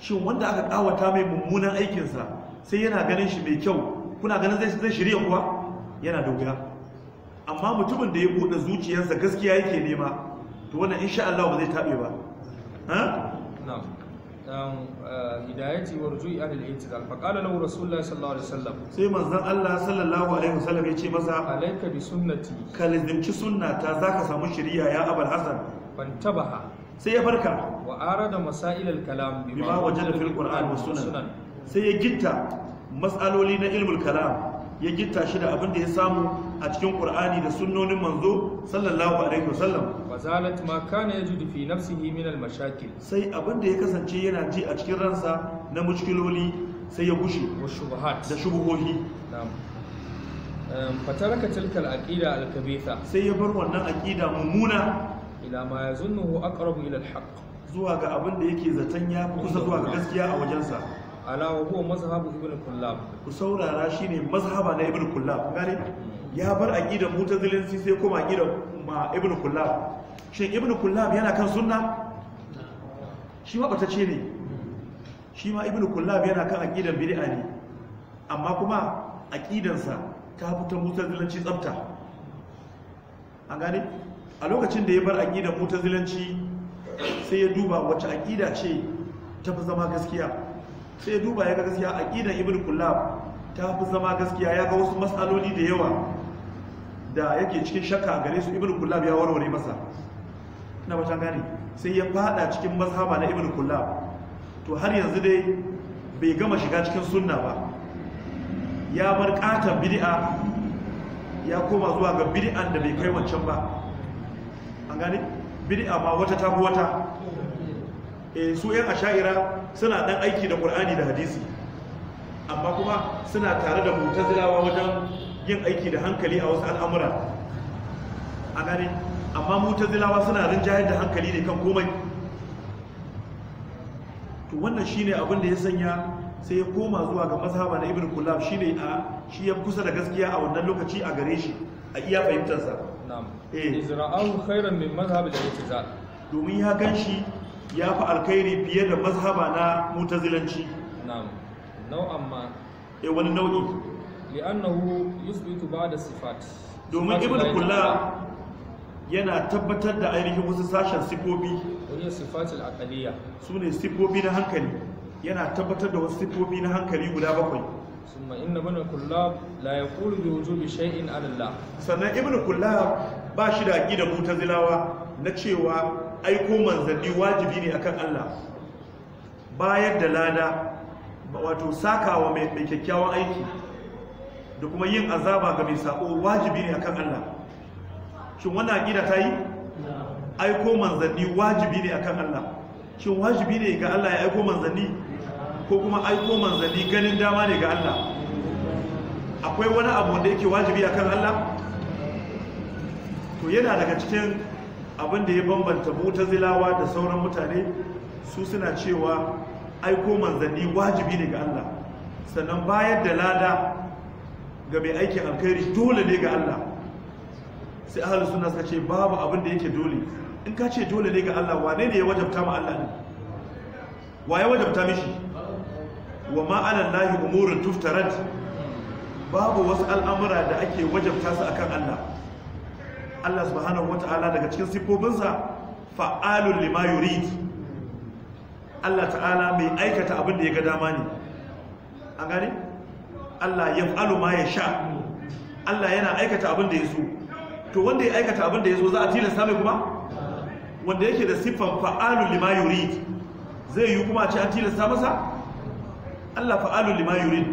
shin wanda aka kawata mai mummunan aikinsa sai yana ganin shi mai kyau kuna ganin zai shirya kuwa yana da wuya amma mutumin da ya buɗe zuciyarsa gaskiya yake nema to wannan insha Allah ba zai taɓe ba ha Eh, hidayati wa rujui ahli al-i'tidal fa qala lahu rasulullahi sallallahu alaihi wasallam sai manzon Allah sallallahu alaihi wasallam ya ce masa alayka bi sunnati ka lazimci sunnata zaka samu shiriya ya abul hasan fantabaha sai ya farka wa arada masail al-kalam bima wajada fil qur'an was sunan sai ya gitta mas'aloli na ilmul kalam ya gitta shi da abin da ya samu a cikin Qur'ani da sunnonin manzo sallallahu alaihi wasallam wa zalat ma kana yajidu fi nafsihi min al mashakil sai abin da ya kasance yana ji a cikin ransa na mushkiloli sai ya gushe da shubuhohi na'am fataraka tilkal aqida al kabitha sai ya bar wannan aqida mummuna ila ma yazunnuhu aqrabu ila al haqq zuwa ga abin da yake zaton ya kusa zuwa ga gaskiya a wajensa ala wa huwa mazhabu ibn kullab ku saurara shine mazhaba na ibn kullab gane ya bar aqidar mutazilanci sai kuma aqidar ma ibn kullab shin ibn kullab yana kan sunna shi ma bata ce ne shi ma ibn kullab yana kan aqidar bid'a ne amma kuma aqidansa ta fita mutazilanci tsafta an gane a lokacin da ya bar aqidar mutazilanci sai ya duba wacce aqida ce ta fi zama gaskiya sai duba ya ga gaskiya ƙidan ibn Kulab ta fi zama gaskiya ya ga wasu matsaloli da yawa da yake cikin shakka gare su ibn kullab ya warware masa na ba gane sai ya fada cikin mazhaba na ibn kullab to har yanzu dai bai gama shiga cikin sunna ba ya bar katon bid'a ya koma zuwa ga bid'an da bai kai wancan ba an gane bid'a ma wata ta wata Eh, su yan asha'ira suna dan aiki da qur'ani da hadisi amma kuma suna tare da mutazilawa wajen yin aiki da hankali a wasu al'amura a gani, amma mutazilawa suna rinjayar da hankali ne kan komai to wannan shine abin da ya sanya sai ya koma zuwa ga mazhaba na ibn kullab shine a shi ya kusa da gaskiya a wannan lokaci a gare shi a iya fahimtarsa na'am eh khairan min mazhab al-i'tizal domin ya shi ya fi alkhairi fiye da mazhaba na mutazilanci na'am ma E, wani nau'i li'annahu yusbitu ba'da sifat domin ibnu kula yana tabbatar da ainihin wasu sashen sifofi wani sifatul aqaliyya sune sifofi na hankali yana tabbatar da wasu sifofi na hankali guda bakwai summa inna ibnu kullab la yaqulu bi wujubi shay'in ala sannan ibnu kullab ba shi da aqida zilawa na cewa aiko manzanni wajibi ne akan Allah bayar da lada wato sakawa mai kyakkyawan aiki da kuma yin azaba ga mai sako wajibi ne akan Allah shin wannan gida ta yi aiko manzanni wajibi ne akan Allah shin wajibi ne ga Allah ya aiko manzanni ko kuma aiko manzanni ganin dama ne ga Allah akwai wani abu da yake wajibi akan Allah to yana daga cikin abin da ya bambanta zilawa da sauran mutane su suna cewa aiko manzanni wajibi ne ga Allah sannan bayar da lada ga mai aikin alkhairi dole ne ga Allah sai ahalus suna suka ce babu abin da yake dole in ka ce dole ne ga Allah wane ne ya wajabta ma Allah ne wa ya wajabta mishi wa ma ala lahi umurun tuftarat babu wasu al'amura da ake wajabta su akan Allah Allah subhanahu ta'ala daga cikin siffofinsa fa'alun lima yurid Allah ta'ala mai aikata abin da ya ga dama ne an gane Allah ya fa'alu ma ya sha Allah yana aikata abin da ya so to wanda ya aikata abin da ya so za a tilasta mai kuma wanda yake da siffan fa'alun lima yurid zai yi kuma a ce an tilasta masa Allah fa'alun lima yurid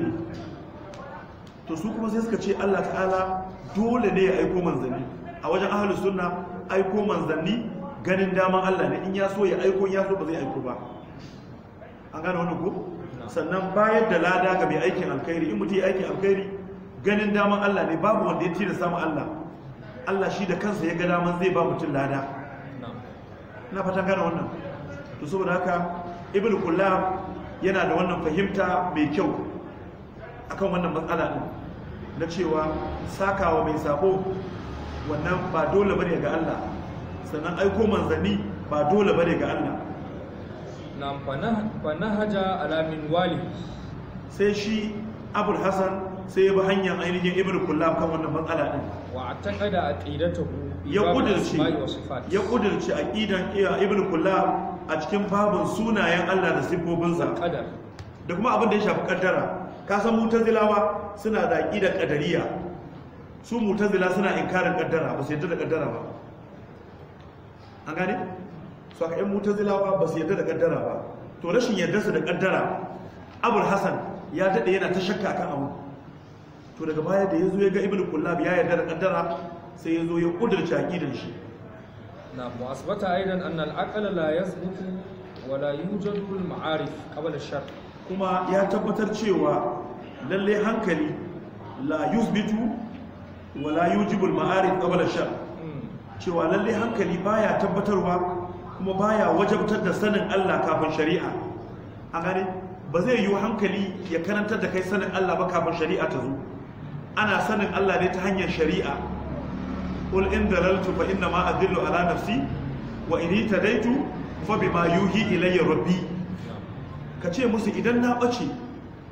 to su kuma sai suka ce Allah ta'ala dole ne ya aiko manzanni a wajen ahalus sunna aiko manzanni ganin daman Allah ne in ya so ya aiko ya so ba zai aiko ba an gane wannan ko sannan bayar da lada ga mai aikin alkhairi in mutum ya aikin alkhairi ganin daman Allah ne babu wanda ya tira samun Allah Allah shi da kansa ya ga daman zai ba mutum lada ina fatan gane wannan to saboda haka ibn Kula yana da wannan fahimta mai kyau akan wannan matsala din na cewa sakawa mai sako wannan ba dole bane ga Allah sannan aiko manzanni ba dole bane ga Allah nam fanahaja alamin wali sai shi abul hasan sai ya bi hanyar ainihin ibn Kullam kan wannan matsala din wa taqada aqidatahu ya kudirce ya kudirce aqidan ibn kullab a cikin babin sunayen Allah da sifofinsa da kuma abin da ya shafi kaddara ka san mutazilawa suna da aqidar qadariyya su mutazila suna inkarin kaddara ba su yadda da kaddara ba an gane su aka yan mutazila ba ba su yadda da kaddara ba to rashin yadda su da kaddara abul hasan ya daɗe yana ta shakka kan abu to daga baya da ya zo ya ga ibn kullab ya yarda da kaddara sai ya zo ya kudurci aqidar shi na mu asbata aidan an al-aql la yathbutu wa la yujadu al-ma'arif qabla ash shar kuma ya tabbatar cewa lalle hankali la yusbitu. wala yujibul ma'arif qabla shar cewa lalle hankali baya tabbatarwa kuma baya wajabtar da sanin Allah kafin shari'a a gane ba zai yi hankali ya karantar da kai sanin Allah ba kafin shari'a ta zo ana sanin Allah ne ta hanyar shari'a qul in dalaltu fa inna ma adillu ala nafsi wa in tadaitu fa bima yuhi ilayya rabbi kace musu idan na bace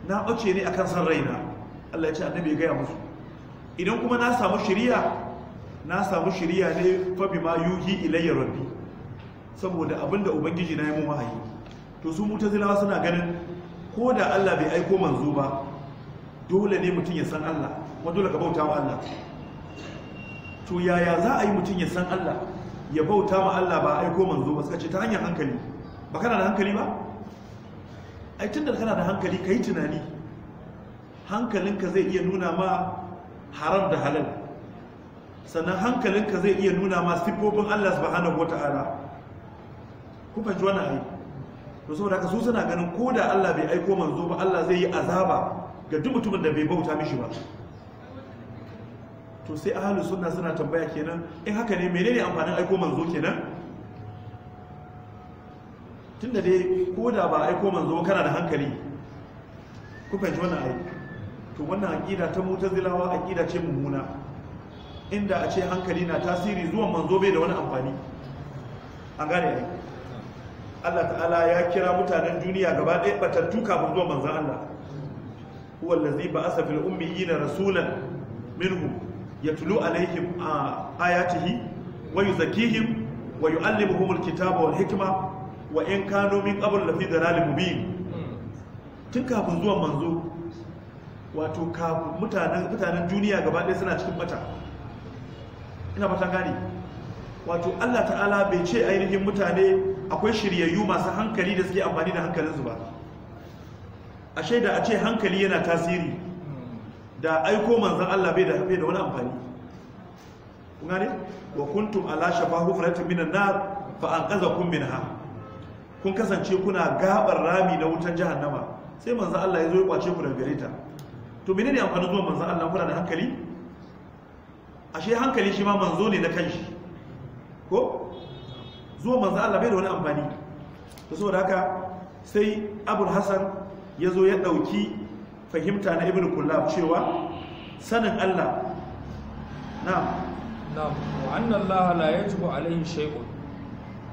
na bace ne akan san raina Allah ya ce annabi ya gaya musu idan kuma na samu shiriya na samu shiriya ne fa bima yuhi ilayya rabbi saboda abinda ubangiji na yi mu wahayi to su mutazilawa suna ganin ko da Allah bai aiko manzo ba dole ne mutum ya san Allah kuma dole ka bauta wa Allah to yaya za a yi mutum ya san Allah ya bauta ma Allah ba aiko manzo ba suka ce ta hanyar hankali ba kana da hankali ba ai da kana da hankali ka yi tunani hankalinka zai iya nuna ma haram da halal sannan hankalinka zai iya nuna ma siffofin Allah subhanahu wata'ala ku fahimci wani ai to saboda haka su suna ganin ko da Allah bai aiko manzo ba Allah zai yi azaba ga duk mutumin da bai bauta mishi ba to sai ahalu suna suna tambaya kenan in haka ne menene amfanin aiko manzo kenan tunda dai ko da ba aiko manzo kana da hankali ku fahimci wani ai to wannan aƙida ta mutazilawa aƙida ce mummuna inda a ce hankali na tasiri zuwan manzo bai da wani amfani an gane ne Allah ta'ala ya kira mutanen duniya gaba ɗaya batattu kafin zuwan manzo Allah huwa allazi ba'asa fil ummiyina rasulan minhum yatlu alaihim ayatihi wa yuzakkihim wa yu'allimuhum alkitaba wal hikma wa in kanu min qabl lafi dhalalin mubin tun kafin zuwan manzo wato mutanen duniya gaba ɗaya suna cikin bata ina fata gane wato Allah ta'ala bai ce ainihin mutane akwai shiryayyu masu hankali da suke amfani da hankalinsu ba a shaida a ce hankali yana tasiri da aiko manzan Allah bai da hafe da wani amfani kun gane wa kuntum ala shafa hufratin minan nar fa anqazakum minha kun kasance kuna gabar rami na wutan jihar jahannama sai manzan Allah ya zo ya kwace ku daga gare ta to ne amfanin zuwan manzon Allah kuna da hankali ashe hankali shi ma manzo ne na kanshi ko zuwan manzon Allah bai da wani amfani to saboda haka sai Abul Hasan ya zo ya ɗauki fahimta na Ibn Kullab cewa sanin Allah na. na'am wa anna Allah la yajibu alaihi shay'un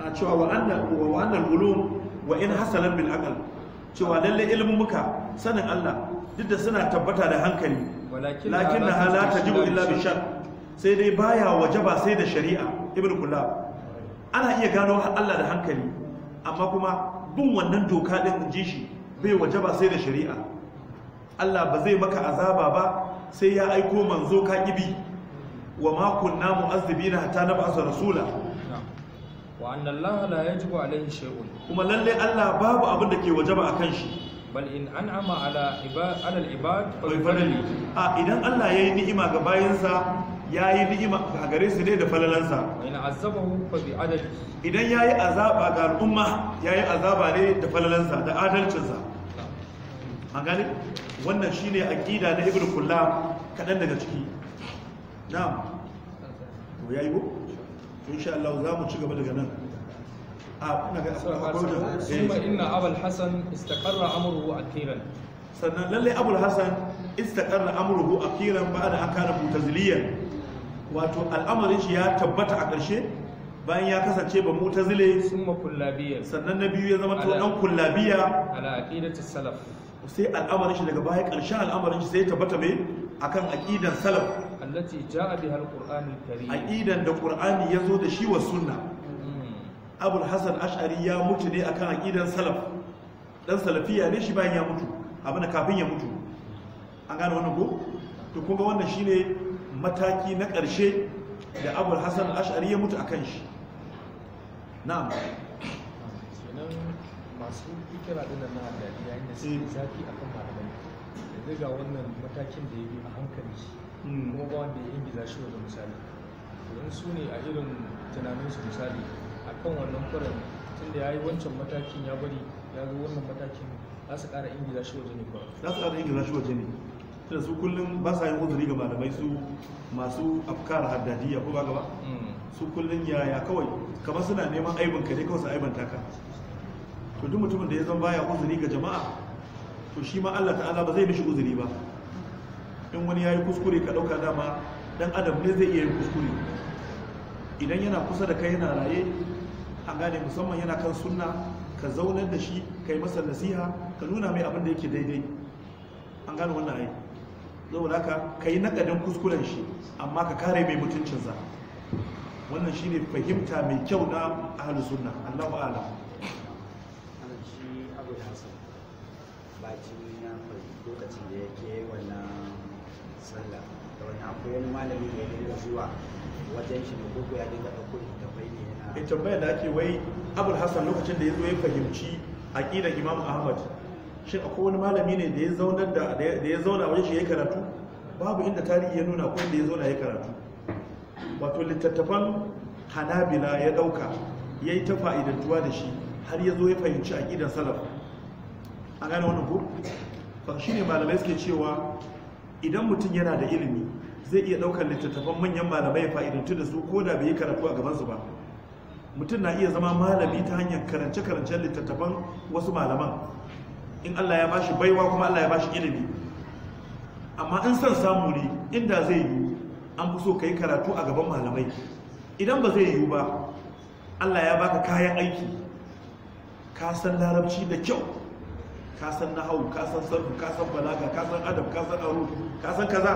a cewa wa anna wa anna al-ulum wa in hasalan bil aql cewa lalle ilmin muka sanin Allah duk da suna tabbata da hankali lakin na halata jibu illa bi shar sai dai baya wajaba sai da shari'a ibn kullab ana iya gano Allah da hankali amma kuma bin wannan doka din ji shi bai wajaba sai da shari'a Allah ba zai maka azaba ba sai ya aiko manzo ka kibi wa ma kunna mu'azzibina hatta nab'atha rasula wa anna Allah la yajibu alaihi shay'un kuma lalle Allah babu abin da ke wajaba akan shi bal in an'ama ala ibad ala al-ibad a idan Allah yayi ni'ima ga bayinsa yayi ni'ima ga gare su ne da falalansa in azabahu fa bi adali idan yayi azaba ga al'umma yayi azaba ne da falalansa da adalcinsa an gane wannan shine aqida na ibnu kullam kadan daga ciki na'am to yayi go insha Allah za mu ci gaba daga nan Ah, eh, sannan lallai abul hassan istakarra amurhu a kiran ba da aka rubuta ziliyan wato al'amarin shi ya tabbata a ƙarshe bayan ya kasance ba mota zile sannan na biyu ya zama to dan kullabiya ala aqidati sai al'amarin shi daga baya ƙarshen al'amarin shi sai tabbata mai akan aqidan salaf allati jaa biha alquran alkarim aqidan da qur'ani yazo da shi wa sunna abul hasan ash'ari ya mutu ne akan aqidan salaf dan salafiya ne shi bayan ya mutu abin kafin ya mutu an gane wannan ko to kun ga wannan ne mataki na ƙarshe da abul hasan ash'ari ya mutu a kan shi na'am masu ikira da na dariya da su eh. zafi akan malamai yanzu ga wannan matakin da ya bi a hankali hmm. kuma ba wanda ya yi ingiza shi wajen misali don su ne a irin tunaninsu misali kan wannan kuren tunda ya yi wancan matakin ya bari ya zo wannan matakin za su ƙara ingila shi waje ne ba za su ƙara ingila shi waje ne tunda su kullum ba sa yin uzuri ga malamai su masu afkar haddadiya ko ba gaba mm. su kullum yaya kawai kamar suna neman aibin ka ne kawai su aibin taka. to duk mutumin da ya zan baya uzuri ga jama'a to shi ma Allah ta'ala ba zai mishi uzuri ba in wani yayi kuskure ka dauka dama dan adam ne zai iya yin kuskure idan yana kusa da kai yana raye an gane musamman yana kan sunna ka zaunar da shi ka yi masa nasiha ka nuna mai abin da yake daidai an gane wannan ai saboda haka yi nakadin kuskuren shi amma ka kare mai mutuncinsa wannan shine fahimta mai kyau na ahlus sunna Allahu a'lam lokacin da yake wannan sallah da wani akwai malami da ya zuwa wajen shi da koko ya dinga ɗauko littafai ne in eh, tambayar da ake wai abul hassan lokacin da ya zo ya fahimci aƙidar imam ahmad shin akwai wani malami ne da ya zauna a wajen shi ya karatu babu inda tarihi ya nuna ko da ya zauna ya karatu wato littattafan hanabila ya dauka ya yi ta fa'idantuwa da shi har ya zo ya fahimci aƙidar salaf a gane wani ko ba shi ne malamai suke cewa idan mutum yana da ilimi zai iya ɗaukar littattafan manyan malamai fa'idantu da su ko da bai yi karatu a gabansu ba mutum na iya zama malami ta hanyar karance-karancen littattafan wasu malaman in Allah ya bashi baiwa kuma Allah ya bashi ilimi amma in san samu ne inda zai yi an fi so ka yi karatu a gaban malamai idan ba zai yiwu ba Allah ya baka kayan aiki ka san larabci da kyau ka san nahawu ka san sarfu ka san balaga ka san adab ka san aro ka san kaza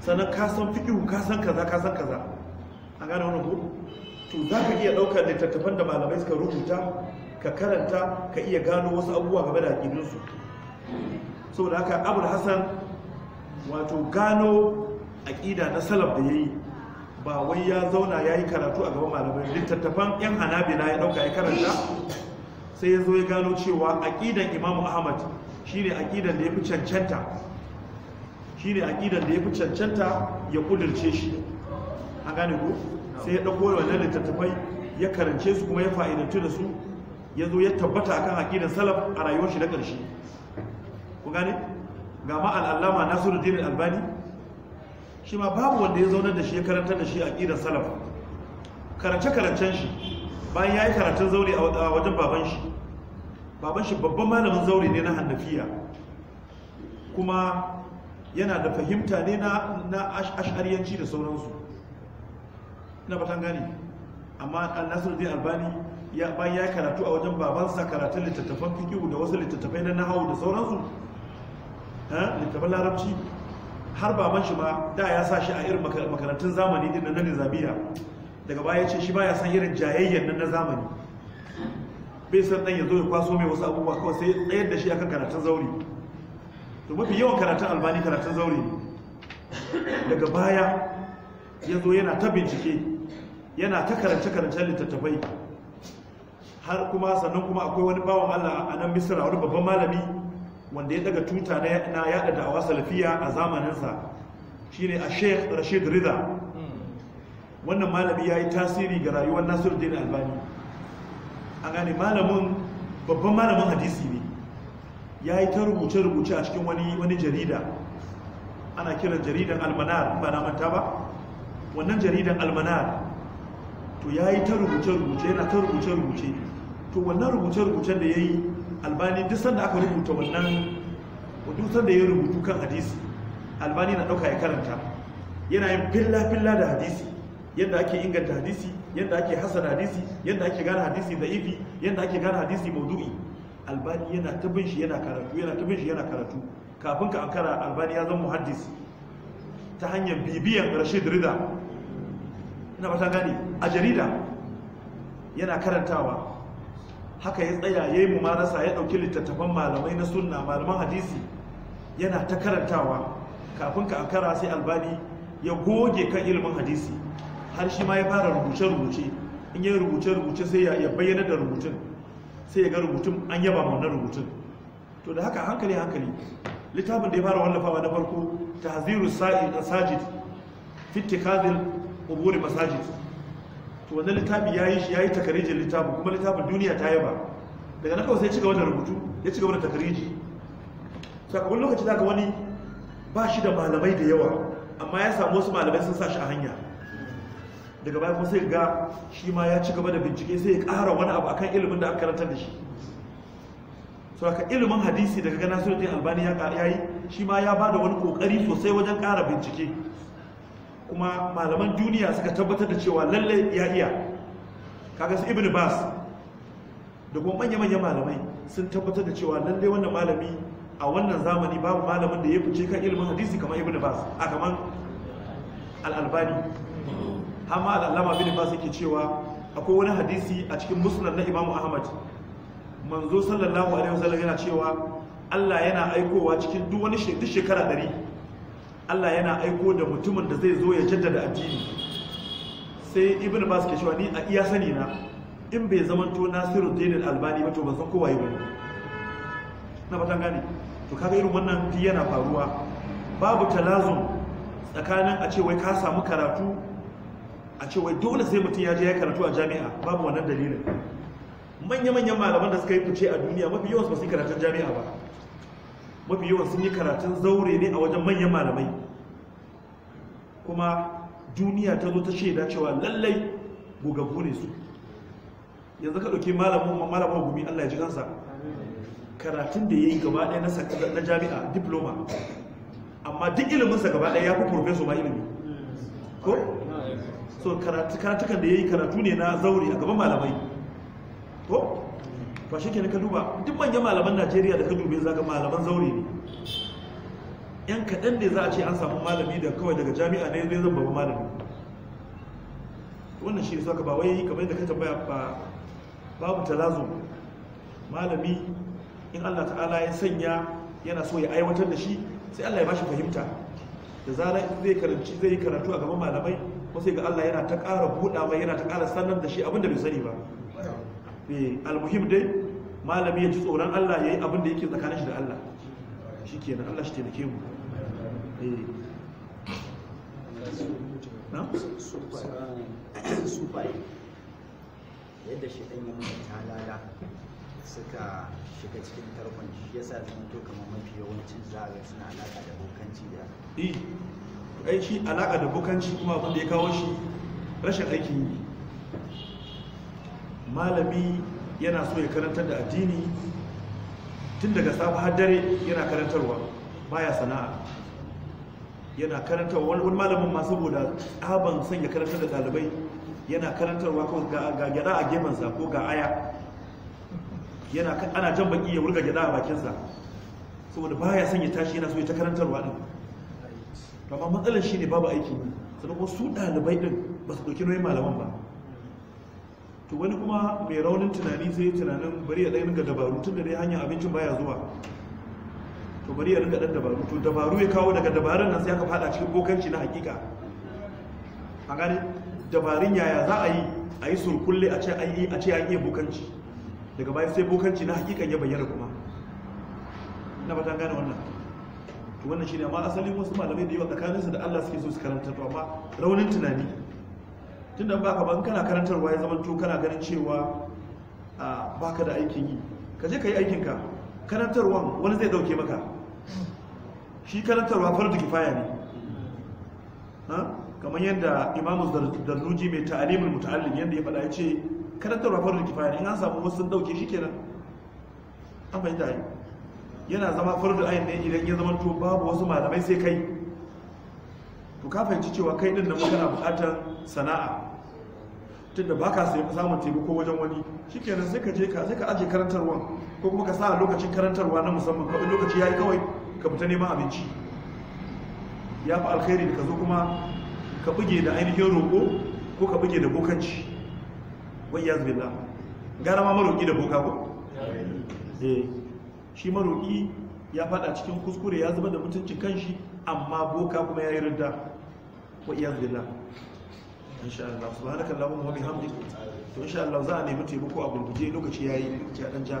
sannan ka san fiqhu ka san kaza ka san kaza an gane wannan ko to za ka iya ɗaukar littattafan da malamai suka rubuta ka karanta ka iya gano wasu abubuwa game da haƙiƙinsu da haka abul hassan wato gano aƙida na salaf da ya yi ba wai ya zauna ya yi karatu a gaban malamai littattafan yan hanabila ya ɗauka ya karanta sai ya zo ya gano cewa aƙidan imamu ahmad shine aƙidan da ya fi cancanta shine aƙidan da ya fi cancanta ya ƙudurce shi An gane ku sai ya ɗauko wannan littattafai ya karance su kuma ya fa'idantu da su ya zo ya tabbata akan aƙidar salaf a rayuwar shi na ƙarshe ku gane ga ma al'allama nasiruddin albani shi ma babu wanda ya zaunar da shi ya karanta da shi aƙidar salaf karance-karancen shi bayan ya yi karatun zaure a wajen baban shi baban shi babban malamin zaure ne na hannafiya kuma yana da fahimta ne na ash'ariyanci da sauransu na ba gani amma al-nasiruddin albani ya bayan ya karatu a wajen babansa karatun littattafan fiqh da wasu littattafai na nahawu da sauransu ha eh, littattafan larabci har baban shi ma da ya sa shi a irin makarantun zamani din na nizabiya daga baya ce shi baya san irin jayayyen nan na zamani bai san dan zo ya kwaso mai wasu abubuwa kawai sai tsayar da shi akan karatun zauri to mafi yawan karatun albani karatun zauri daga baya ya zo yana ta bincike yana ta karance-karancen littattafai har kuma sannan kuma akwai wani bawan Allah a nan misira wani babban malami wanda ya daga tuta na yada awa salafiya a zamaninsa shine a sheikh rashid rida wannan malami ya yi tasiri ga rayuwar Nasiru nasiruddin albani a gane malamin babban malamin hadisi ne ya yi ta rubuce-rubuce a cikin wani jarida ana kiran jaridan almanar ba na manta ba wannan jaridan almanar to ya yi ta rubuce-rubuce yana ta rubuce-rubuce to wannan rubuce-rubucen da ya yi albani duk sanda aka rubuta wannan duk sanda ya rubutu kan hadisi albani na ɗauka ya karanta yana yin filla-filla da hadisi yadda ake inganta hadisi yadda ake hasan hadisi yadda ake gane hadisi da ifi yadda ake gane hadisi maudu'i albani yana ta bin shi yana karatu yana ta bin shi yana karatu kafin ka ankara albani ya zama muhaddis ta hanyar bibiyan rashid rida ina ba ta gane a jarida yana karantawa haka ya tsaya ya yi mumarasa ya ɗauki littattafan malamai na sunna malaman hadisi yana ta karantawa kafin ka ankara sai albani ya goge kan ilimin hadisi har shi ma ya fara rubuce-rubuce in yi rubuce-rubuce sai ya bayyana da rubutun sai ya ga rubutun an yaba ma wannan rubutun to da haka hankali hankali littafin da ya fara wallafawa na farko tahziru sajid fi tikadil uburi masajid to wannan littafi yayi shi yayi takarijin littafin kuma littafin duniya ta yaba daga nan kawai sai ci gaba da rubutu ya ci gaba da takariji sakamakon lokaci zaka wani ba shi da malamai da yawa amma ya samu wasu malamai sun sa shi a hanya daga baya kuma sai ga shi ma ya ci gaba da bincike sai ya ƙara wani abu akan ilimin da aka karanta da shi to aka ilimin hadisi daga gana sojin albani ya yi shi ma ya ba da wani ƙoƙari sosai wajen ƙara bincike kuma malaman duniya suka tabbatar da cewa lalle ya iya kaga su ibn bas da kuma manya manya malamai sun tabbatar da cewa lalle wannan malami a wannan zamani babu malamin da ya fice kan ilimin hadisi kamar ibn bas a kamar al'albani hama al'allama bin bas yake cewa akwai wani hadisi a cikin musulun na imamu ahmad manzo sallallahu alaihi wasallam yana cewa Allah yana aikowa cikin duk wani shekara ɗari Allah yana aiko da mutumin da zai zo ya jaddada addini sai ibn bas ke cewa ni a iya sani na in bai zama to zamanto nasiruddin albani ba to ban san kowa yi ba na fatan gane to kaga irin wannan fi yana faruwa babu talazum tsakanin a ce wai ka samu karatu a ce wai dole sai mutum ya je ya karatu a jami'a babu wannan dalilin manya-manyan malaman da suka yi fice a duniya mafi yawan su ba su yi karatun jami'a ba mafi yawan sun yi karatun zaure ne a wajen manyan malamai kuma duniya ta zo ta shaida cewa lallai gogaggu ne su yanzu ka ɗauki malamin gumi allah ya ji kansa karatun da ya yi gaba ɗaya na jami'a diploma amma duk iliminsa gaba ɗaya ya fi profeso ma ilimi ko so karatukan da ya yi karatu ne na zaure a gaban malamai ko fashe ke ka duba duk manyan malaman najeriya da ka dube zaga malaman zaure ne yan kaɗan ne za a ce an samu malami da kawai daga jami'a ne zai zan babu malami wannan shi saka ba wai kamar da ka baya ba babu talazu. malami in Allah ta'ala ya sanya yana so ya aiwatar da shi sai Allah ya bashi fahimta da zarar zai karanci zai karatu a gaban malamai ko sai ga Allah yana ta ƙara buɗa mai yana ta ƙara sanar da shi abinda bai sani ba eh almuhim dai malami ya ji tsoron Allah yayi abin da yake tsakanin shi da Allah shikenan Allah shi taimake mu na? sufaye yadda shi ɗan yi mata lada suka shiga cikin tarkon shi ya sa zama to kamar mafi yawancin zaga suna alaƙa da bukanci da ai shi alaƙa da bukanci kuma abin da ya kawo shi rashin aikin yi malami yana so ya karantar da addini tun daga safe har dare yana karantarwa baya sana'a yana karanta, wani malamin ma saboda tsaban sanya karantar da dalibai yana karantarwa kawai ga gyada a gemansa ko ga aya yana ana jan baki ya wurga gyada a bakinsa saboda ba ya sanya tashi yana so ya ta karantarwa din to amma matsalar shi ne babu aiki sannan kuma su dalibai din ba su ɗauki nauyin malaman ba to wani kuma mai raunin tunani zai tunanin bari ya ɗaya ga dabaru tun da dai hanyar abincin baya zuwa to bari ya rika dan dabaru to dabaru ya kawo daga dabarun nan sai aka fada cikin bokanci na hakika a gani dabarun yaya za a yi a yi surkulle a ce an yi a ce an yi bokanci daga bayan sai bokanci na hakika ya bayyana kuma na ba ta gane wannan to wannan shine amma asalin wasu malamai da yawa su da Allah suke so su karanta to amma raunin tunani tunda ba ka ban kana karantarwa ya zama to kana ganin cewa baka da aikin yi ka je ka yi aikinka karantarwa wani zai dauke maka shi karantarwa fardu kifaya ne kamar yadda imamu darnuji mai ta'alimin muta'allim yadda ya faɗa ya ce karantarwa fardu kifaya ne in an samu wasu ɗauke shi kenan an fahimta yi yana zama fardu ayin ne idan ya zama to babu wasu malamai sai kai to ka fahimci cewa kai din nan kana buƙatar sana'a tunda ba ka sai samun taimako wajen wani shikenan sai ka je ka sai ka ajiye karantarwa ko kuma ka sa lokacin karantarwa na musamman kawai lokaci ya yi kawai ka fita neman abinci ya fi alkhairi da ka zo kuma ka buge da ainihin roƙo ko ka buge da bokanci wai ya zubi gara ma maroƙi da boka ko eh, shi maroƙi ya fada cikin kuskure ya zuba da mutuncin kanshi amma boka kuma ya yi rinda wa iya zubi insha Allah kallon wani hamdi to insha Allah za a nemi taimako a gurguje lokaci yi lokaci a ɗan ja